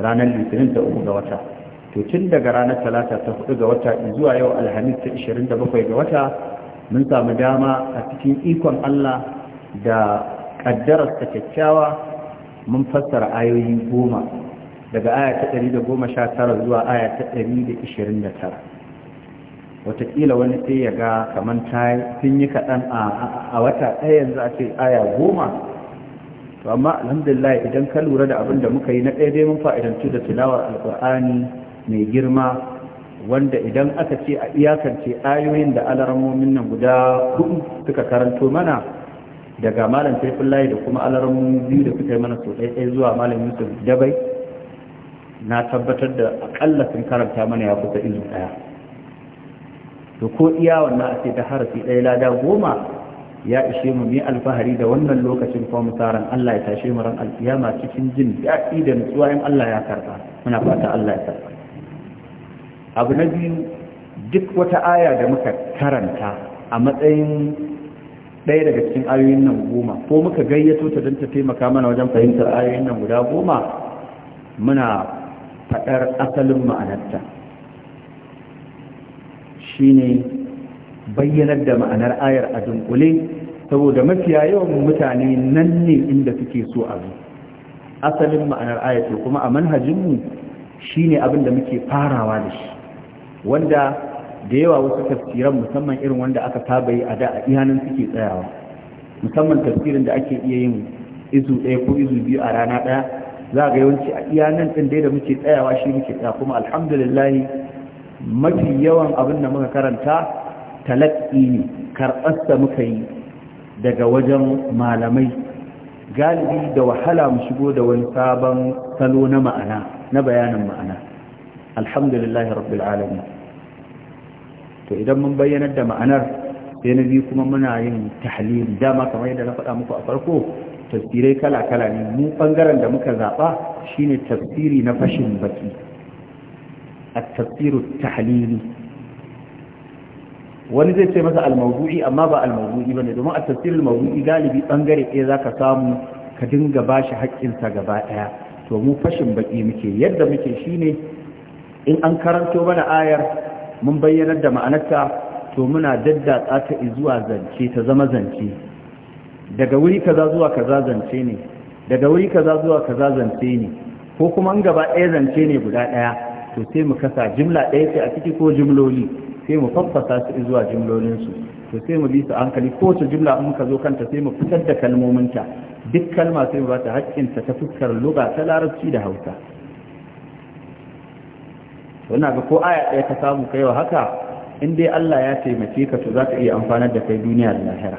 ranar litinin da uku ga wata to tun daga ranar talata ta hudu ga wata zuwa yau alhamis ta 27 ga wata mun samu dama a cikin ikon Allah da ƙaddarar ta kyakkyawa mun fassara ayoyi goma daga aya ta 119 zuwa aya ta 129 wataƙila wani sai ya ga kamar ta sun yi kaɗan a wata ɗaya yanzu a ce aya goma to amma alhamdulillah idan ka lura da abin da muka yi na ɗaya dai mun fa'idantu da tilawar alƙur'ani mai girma wanda idan aka ce a iyakance ayoyin da alarmomin nan guda hudu suka karanto mana daga malam layi da kuma alaramomin biyu da suka yi mana so ɗaya zuwa malam yusuf dabai na tabbatar da akalla sun karanta mana ya kusa izu ɗaya to ko iya wannan a ta harafi ɗaya lada goma ya ishe mu mai alfahari da wannan lokacin kuma musaran Allah ya tashe mu ran alkiyama cikin jin daɗi da nutsuwa in Allah ya karɓa muna fata Allah ya karɓa abu na biyu duk wata aya da muka karanta a matsayin ɗaya daga cikin ayoyin nan goma ko muka gayyato ta don ta taimaka mana wajen fahimtar ayoyin nan guda goma muna faɗar asalin ma'anarta Shi ne bayyanar da ma'anar ayar a dunkule saboda mafiya yawan mutane nan ne inda suke so a zo asalin ma'anar ayar kuma a manhajinmu shine abin da muke farawa da shi wanda da yawa wasu tafsiran musamman irin wanda aka saba yi a da a iyanan suke tsayawa musamman tafsirin da ake iya yin izu ɗaya ko izu biyu a rana ɗaya za ga yawanci a iyanan ɗin dai da muke tsayawa shi muke tsaya kuma alhamdulillahi mafi yawan abin da muka karanta talaƙi ne karɓarsa muka yi daga wajen malamai galibi da wahala mu shigo da wani sabon salo na ma'ana na bayanin ma'ana alhamdulillahi rabbil alamin to idan mun bayyanar da ma'anar sai na biyu kuma muna yin tahlil dama kamar yadda na faɗa muku a farko tafsirai kala-kala ne mu ɓangaren da muka zaɓa shine tafsiri na fashin baki a tafsiru tahlili wani zai ce masa almawdu'i amma ba ba ne, domin a tasirin mawdu'i galibi bangare ɗaya zaka samu ka dinga bashi haƙƙinsa gaba ɗaya to mu fashin baki muke yadda muke shine in an karanto mana ayar mun bayyanar da ma'anarta to muna daddatsa ta zuwa zance ta zama zance daga wuri kaza zuwa kaza zance ne daga wuri kaza zuwa kaza zance ne ko kuma an gaba ɗaya zance ne guda ɗaya to sai mu kasa jimla ɗaya ce a ciki ko jimloli sai mu faffasa su zuwa jimlolinsu to sai mu bi su hankali kowace jimla in ka zo kanta sai mu fitar da kalmominta duk kalma sai mu ba ta haƙƙinta ta fuskar lugha ta larabci da hausa wannan ga ko aya ɗaya ka samu kaiwa haka in dai Allah ya taimake ka to za ka iya amfanar da kai duniya da lahira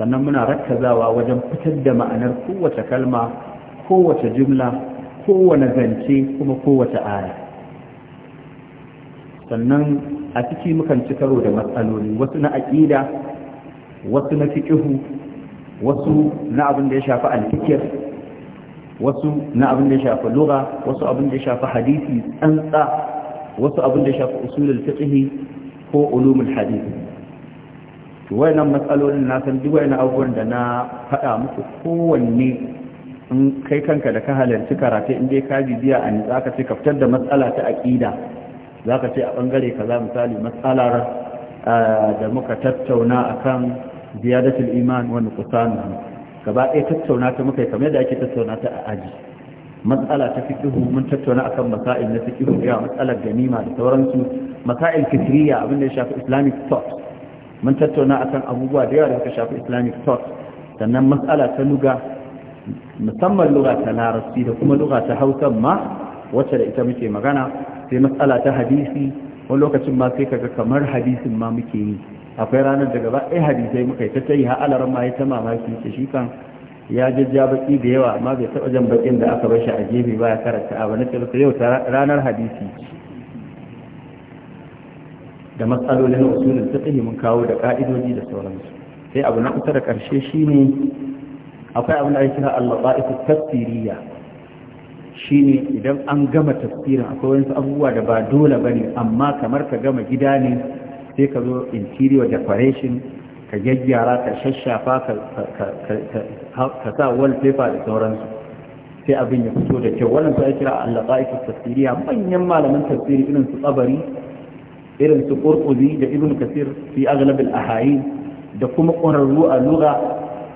sannan muna rakkazawa wajen fitar da ma'anar kowace kalma kowace jumla kowane zance kuma kowace aya sannan a ciki mukan ci karo da matsaloli wasu na aƙida wasu na fiƙihu wasu na abin da ya shafi alfikir wasu na abin da ya shafi lura wasu abin da ya shafi hadisi tsantsa wasu abin da shafi usulul fiqh ko ulumul hadith to wayannan matsalolin na san duk wayannan abubuwan da na faɗa muku kowanne in kai kanka da ka halarci karatu in dai ka bibiya a ni zaka ce ka fitar da matsala ta aqida zaka ce a bangare kaza misali matsalar eh, da muka tattauna akan ziyadatul iman wa nuqsan gaba ɗaya tattauna ta muka kamar yadda ake tattauna ta a aji matsala ta fikihu mun tattauna akan masail na fikihu da matsalar ganima da sauransu masail fikriya abin da ya shafi islamic thought mun tattauna akan abubuwa da yawa da suka shafi islamic thought sannan matsala ta luga musamman luga ta larabci da kuma luga ta hausa ma wacce da ita muke magana sai matsala ta hadisi wani lokacin ma sai kaga kamar hadisin ma muke yi akwai ranar da gaba ɗaya hadisai muka yi ta tayi ha alaran ma ya ta mamaki ce shi kan ya jajja baki da yawa amma bai taba jan bakin da aka bashi a gefe ba ya karanta ba na tabbata yau ranar hadisi da matsalolin usulin fiqh mun kawo da ka'idoji da sauransu sai abu na kusa da karshe shine akwai abin da ake kira al-laqa'if tafsiriyya shine idan an gama tafsirin akwai wasu abubuwa da ba dole bane amma kamar ka gama gida ne sai ka zo interior decoration ka gyaggyara ka shashafa ka sa wallpaper da sauransu sai abin ya fito da kyau wannan sai kira Allah ta'ifus tafsiriya manyan malaman tafsiri irin su tsabari irin su qurtubi da ibn kasir fi aghlab al ahayi da kuma ƙwararru a lugha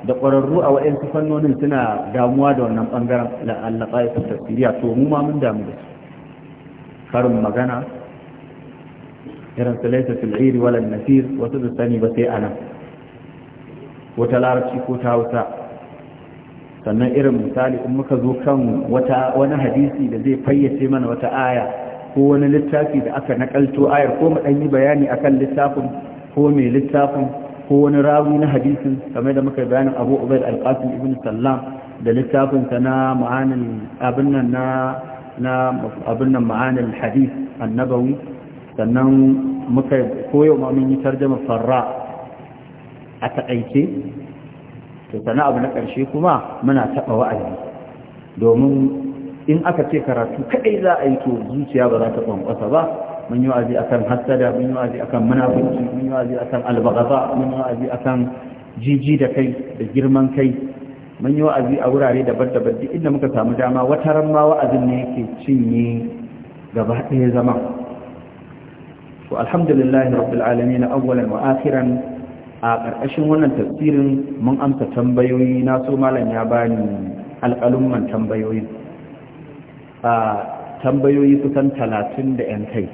da ƙwararru a waɗansu fannonin suna damuwa da wannan bangaren la Allah ta'ifus to mu ma mun damu da su karin magana irin su laysa fil wala nasir wasu da sani ba sai anan ko ta larabci ko ta hausa sannan irin misali in muka zo kan wata wani hadisi da zai fayyace mana wata aya ko wani littafi da aka nakalto ayar ko mu yi bayani akan littafin ko mai littafin ko wani rawi na hadisin kamar da muka bayanin Abu Ubayd al ibn Sallam da littafin sa na ma'anin abin nan na na abin nan ma'anin hadis annabawi sannan muka koyo ma mun yi tarjuma farra a taƙaice to sana abu na ƙarshe kuma muna taɓa wa'azi domin in aka ce karatu kaɗai za a yi to zuciya ba za ta kwankwasa ba mun yi wa'azi akan hassada mun yi wa'azi akan munafunci mun yi wa'azi akan albagaza mun yi wa'azi akan jiji da kai da girman kai mun yi wa'azi a wurare daban-daban duk inda muka samu dama wata ran ma wa'azin ne yake cinye gaba ɗaya zama to alhamdulillah rabbil alamin awwalan wa akhiran a ƙarƙashin wannan tafsirin mun amsa tambayoyi na so malam ya bani alƙalumman tambayoyin a tambayoyi kusan talatin da 'yan kai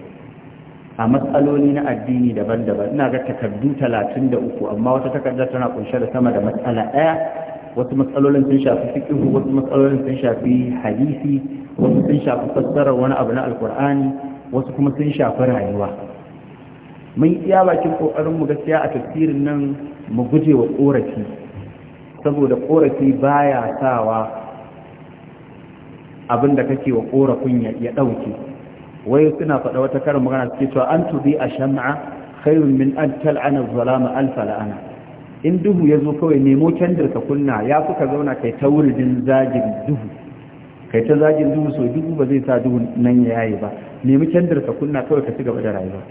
a matsaloli na addini daban-daban ina ga takardu talatin da uku amma wata takardar tana kunshe da sama da matsala ɗaya wasu matsalolin sun shafi fiƙihu wasu matsalolin sun shafi hadisi wasu sun shafi fassarar wani abu na alkur'ani wasu kuma sun shafi rayuwa mun iya bakin kokarin mu gaskiya a tafsirin nan mu guje wa korafi saboda korafi baya sawa abinda da kake wa korafin ya ya dauke wai suna faɗa wata karin magana suke cewa an bi a sham'a khairun min an tal'ana zalama alfa la'ana in duhu ya zo kawai nemo kendir ka kunna ya fi ka zauna kai ta wuridin zagin duhu kai ta zagin duhu so duhu ba zai sa duhu nan ya yayi ba nemi kendir ka kunna kawai ka ci gaba da rayuwa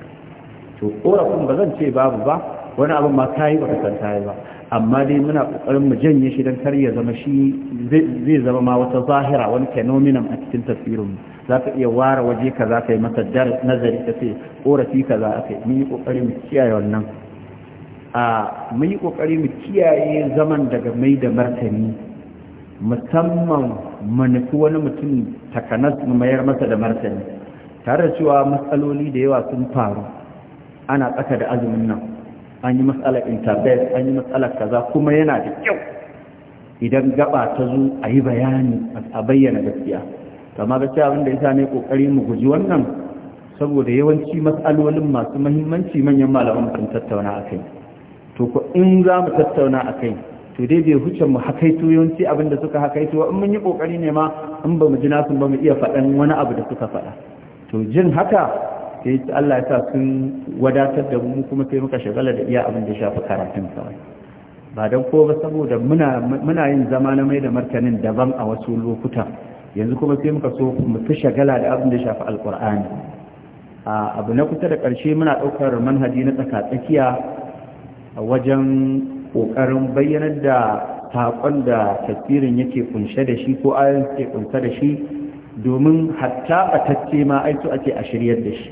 to korafin ba zan ce babu ba wani abin ma kayi ba ta tayi ba amma dai muna kokarin mu janye shi dan kar ya zama shi zai zama ma wata zahira wani phenomenon a cikin tafsirin za ka iya ware waje kaza kai masa nazari ka ce korafi kaza ka yi mun yi kokari mu kiyaye wannan a mun yi ƙoƙari mu kiyaye zaman daga mai da martani musamman manufi wani mutum takanas mu mayar masa da martani tare da cewa matsaloli da yawa sun faru ana tsaka da azumin nan an yi matsalar interbest an yi matsalar kaza kuma yana da kyau idan gaba ta zo a yi bayani a bayyana gaskiya kama gaskiya abin da yasa ne kokari mu guji wannan saboda yawanci matsalolin masu mahimmanci manyan malaman kan tattauna a kai to ko in za mu tattauna a kai to dai bai huce mu hakaito yawanci abin da suka hakaito in mun yi kokari ne ma in ba mu ji nasu ba mu iya faɗan wani abu da suka faɗa to jin haka sai Allah ya sa sun wadatar da mu kuma sai muka shagala da iya abin da shafi karatun kawai ba don ko ba saboda muna yin zama na mai da martanin daban a wasu lokuta yanzu kuma sai muka so mu fi shagala da abin da shafi alkur'ani a abu na kusa da ƙarshe muna ɗaukar manhaji na tsakatsakiya a wajen ƙoƙarin bayyanar da saƙon da tasirin yake kunshe da shi ko ayon ke kunshe da shi domin hatta a tacce ma aiki ake a shiryar da shi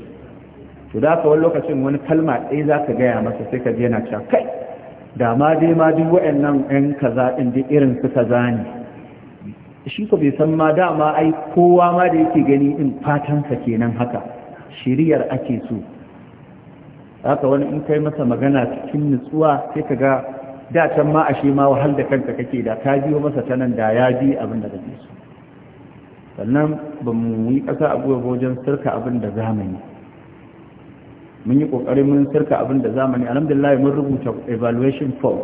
to da ka wani lokacin wani kalma ɗaya za ka gaya masa sai ka yana cewa kai da ma dai ma duk wa'annan ɗan kaza ɗin duk irin su kaza ne shi ko bai san ma dama ai kowa ma da yake gani in fatansa kenan haka shiriyar ake so haka wani in kai masa magana cikin nutsuwa sai ka ga da can ma ashe ma wahal da kanka kake da ka biyo masa ta nan da ya bi abin da kake so sannan ba mu yi ƙasa abubuwa wajen sirka abin da zamani mun yi kokarin mun sirka abin da zamani alhamdulillah mun rubuta evaluation form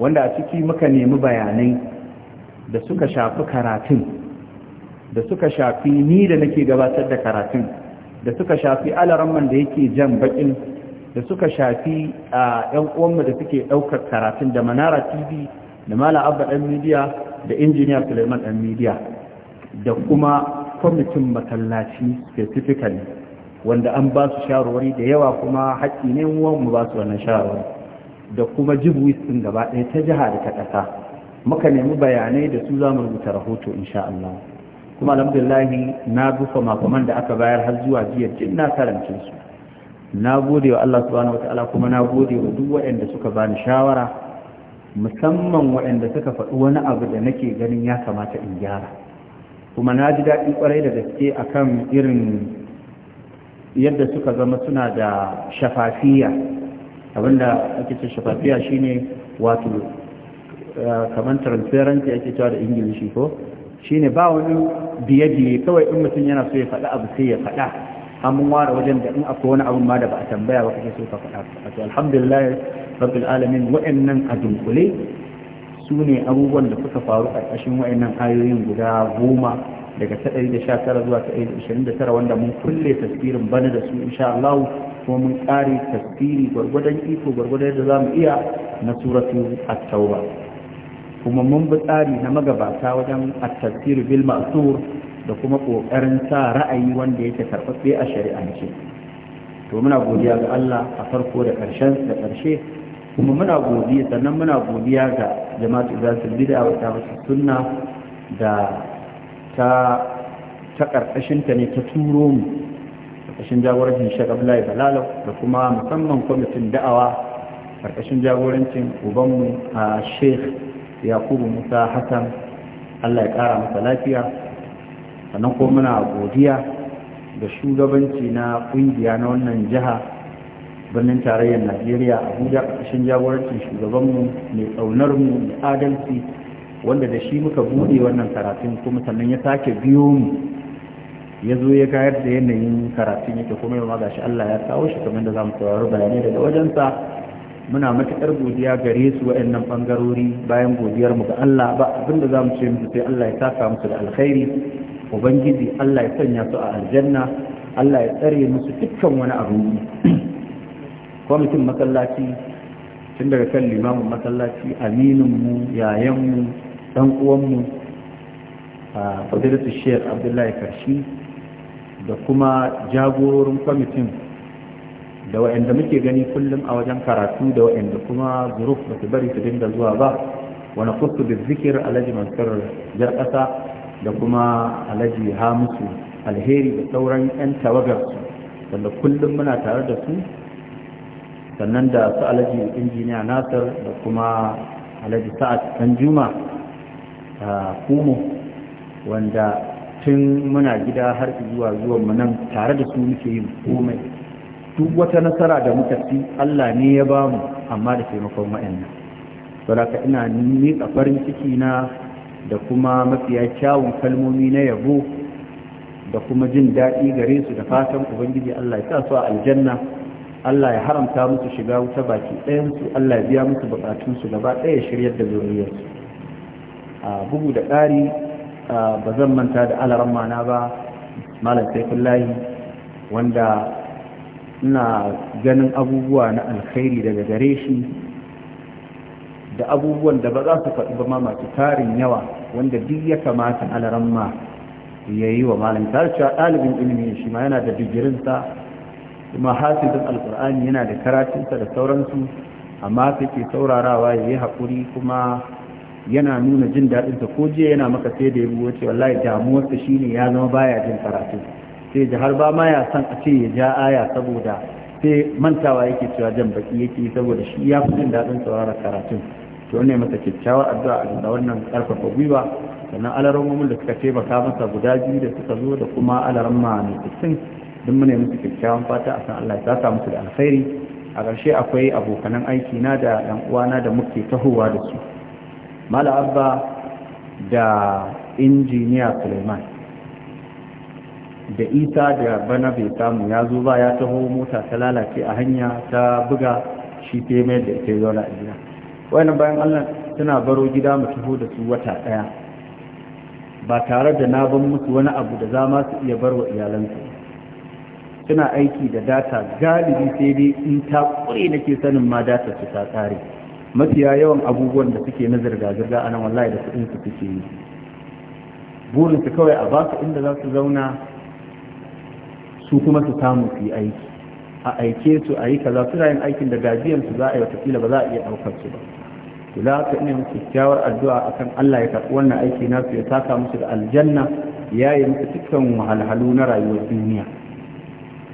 wanda a ciki muka nemi bayanai da suka shafi karatun da suka shafi ni da nake gabatar da karatun da suka shafi alaramman da yake jan bakin da suka shafi a yan uwanmu da suke daukar karatun da manara tv da mala abba dan media da injiniya suleiman dan media da kuma kwamitin masallaci specifically wanda an ba su shawarwari da yawa kuma haƙƙi ne mu ba su wannan shawarwari da kuma jibuwis ɗin gaba ɗaya ta jiha da ta ƙasa muka nemi bayanai da su za mu rubuta rahoto insha Allah kuma alhamdulillah na dufa makaman da aka bayar har zuwa jiya jin na karance su na gode wa Allah subhanahu wataala kuma na gode wa duk waɗanda suka bani shawara musamman waɗanda suka faɗi wani abu da nake ganin ya kamata in gyara kuma na ji daɗi kwarai da gaske akan irin yadda suka zama suna da shafafiya abinda ake ce shafafiya shine wato eh, kamar transparency ake cewa da ingilishi ko shine ba wani biye-biye kawai in mutum yana so ya faɗa abu sai ya faɗa an ware wajen da in akwai wani abun ma da ba a tambaya ba kake so ka faɗa wato alhamdulillah rabbil alamin wa'annan a dunkule su ne abubuwan da suka faru ƙarƙashin wa'annan ayoyin guda goma daga ta 119 zuwa ta 129 wanda mun kulle tasirin bana da su insha Allah kuma mun ƙare tasiri gwargwadon iko gwargwadon da za mu iya na suratu at-tauba kuma mun bi tsari na magabata wajen at-tasir bil ma'sur da kuma ƙoƙarin sa ra'ayi wanda yake karɓaɓɓe a shari'ance to muna godiya ga Allah a farko da ƙarshen da ƙarshe kuma muna godiya sannan muna godiya ga jama'a jama'atu zasu bid'a wa ta sunna da ta ta ƙarƙashinta ne ta turo mu ƙarƙashin jagorancin shek abdullahi balalau da kuma musamman kwamitin da'awa ƙarƙashin jagorancin ubanmu a sheikh yakubu musa hassan allah ya ƙara masa lafiya sannan ko muna godiya da shugabanci na ƙungiya na wannan jiha birnin tarayyar najeriya abuja ƙarƙashin jagorancin shugabanmu mai tsaunar mu mai adalci wanda da shi muka buɗe wannan karatun kuma sannan ya sake biyo mu ya zo ya gayar da yanayin karatun yake kuma yau gashi Allah ya kawo shi kamar da za mu saurari bayanai daga wajensa muna matuƙar godiya gare su waɗannan ɓangarori bayan godiyar mu ga Allah ba abin da za mu ce musu sai Allah ya saka musu da alkhairi ubangiji Allah ya sanya su a aljanna Allah ya tsare musu dukkan wani abu kwamitin masallaci tun daga kan limamin masallaci aminin mu yayan mu dan uwanmu a fadilatu sheikh abdullahi karshi da kuma jagororin kwamitin da wa'anda muke gani kullum a wajen karatu da wa'anda kuma zuruf ba su bari su dinga zuwa ba wani kustu da zikir alhaji mansur jar ƙasa da kuma alhaji hamisu alheri da sauran 'yan tawagarsu wanda kullum muna tare da su sannan da su alhaji injiniya nasir da kuma alhaji sa'ad dan Juma'a. kumo wanda tun muna gida har zuwa zuwan mu nan tare da su muke yin komai duk wata nasara da muka ci Allah ne ya ba mu amma da taimakon wa'annan saboda ina miƙa farin ciki na da kuma mafiya kyawun kalmomi na yabo da kuma jin daɗi gare su da fatan ubangiji Allah ya sa su a aljanna Allah ya haramta musu shiga wuta baki ɗayansu Allah ya biya musu su gaba ɗaya shiryar da zuriyarsu bugu da ƙari ba zan manta da alaran mana ba malam saifullahi wanda ina ganin abubuwa na alkhairi daga gare shi da abubuwan da ba za su faɗi ba ma masu tarin yawa wanda duk ya kamata alaran ma ya yi wa malam tarciya ɗalibin ilimin shi ma yana da digirinsa kuma hasidin alkur'ani yana da karatunsa da sauransu amma take saurarawa ya yi haƙuri kuma yana nuna jin daɗin ta ko jiya yana maka sai da ya wace ce wallahi ta shine ya zama baya jin karatu sai ji har ba ma ya san a ce ya ja aya saboda sai mantawa yake cewa jan baki yake saboda shi ya fi jin daɗin saurara karatun to ne masa kyakkyawa addu'a da wannan karfafa gwiwa sannan alarammomin da suka taimaka masa guda biyu da suka zo da kuma alaramma mai cikin duk mune musu kyakkyawan fata a san Allah ya sa musu da alkhairi a ƙarshe akwai abokanan aiki na da ɗan uwana da muke tahowa da su mala abba da injiniya suleiman da isa da bana bai samu ya zo ba ya taho mota ta lalace a hanya ta buga shi ta mai da ita zaune a gida wani bayan allah suna baro gida mu taho da su wata ɗaya ba tare da na ban musu wani abu da za ma su iya bar wa iyalansu suna aiki da data galibi sai dai in ta ƙure nake sanin ma data su ta tsare mafiya yawan abubuwan da suke na zirga-zirga a nan wallahi da kuɗin su suke yi burin su kawai a ba su inda za su zauna su kuma su samu su yi aiki a aike su a yi kaza suna yin aikin da gajiyan za a yi watakila ba za a iya ɗaukar su ba su za ka ina musu kyakkyawar addu'a akan Allah ya karɓi wannan aiki na su ya saka musu da aljanna ya yi musu cikin wahalhalu na rayuwar duniya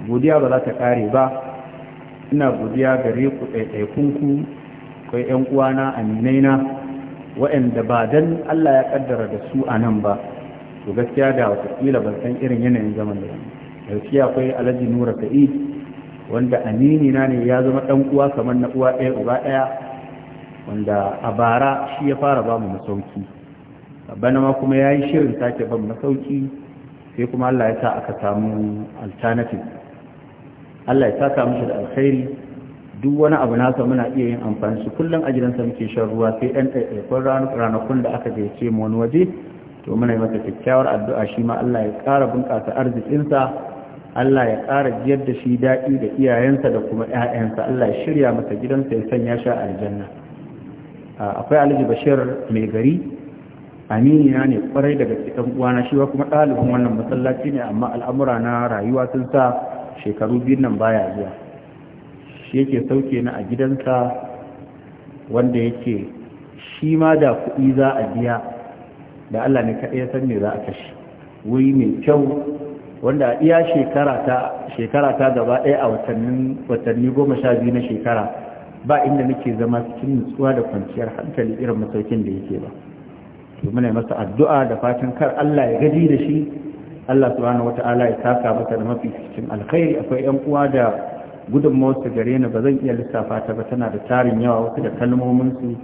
godiya ba za ta ƙare ba ina godiya gare ku ɗaiɗaikunku akwai yan uwana aminaina waɗanda ba dan Allah ya kaddara da su a nan ba to gaskiya da watakila ba san irin yanayin zaman da gaskiya akwai alhaji nura sa'id wanda amini na ne ya zama dan uwa kamar na uwa ɗaya uba ɗaya wanda a bara shi ya fara ba mu masauki bana ma kuma ya yi shirin sake ban masauki sai kuma Allah ya sa aka samu alternative Allah ya saka mishi da alkhairi duk wani abu nasa muna iya yin amfani su kullum a sa muke shan ruwa sai ɗan ɗaiɗaikun ranakun da aka ce mu wani waje to muna yi masa kyakkyawar addu'a shi ma Allah ya ƙara bunƙasa arzikinsa Allah ya ƙara jiyar da shi daɗi da iyayensa da kuma 'ya'yansa, Allah ya shirya masa gidansa ya sanya shi a aljanna akwai Alhaji Bashir mai gari amina ne kwarai daga cikin uwana shi kuma ɗalibin wannan masallaci ne amma al'amura na rayuwa sun sa shekaru biyun nan baya zuwa shi yake sauke ni a gidansa wanda yake shi ma da kuɗi za a biya da Allah ne kaɗai ya san me za a kashe wuri mai kyau wanda a iya shekara ta gaba ɗaya a watanni goma sha biyu na shekara ba inda nake zama cikin nutsuwa da kwanciyar hankali irin masaukin da yake ba to muna masa addu'a da fatan kar Allah ya gaji da shi Allah subhanahu wata'ala ya saka masa da mafi cikin alkhairi akwai yan uwa da gudunmawarsu gare ni ba zan iya lissafa ta ba tana da tarin yawa wasu da kalmominsu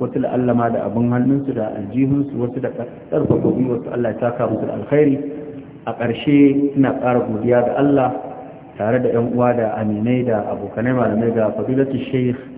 wasu da allama da abin hannunsu da aljihunsu wasu da ƙarfafa wasu Allah ya taka musu da alkhairi a ƙarshe ina ƙara godiya da Allah tare da 'yan uwa da aminai da abokanai malamai ga fadilatu sheikh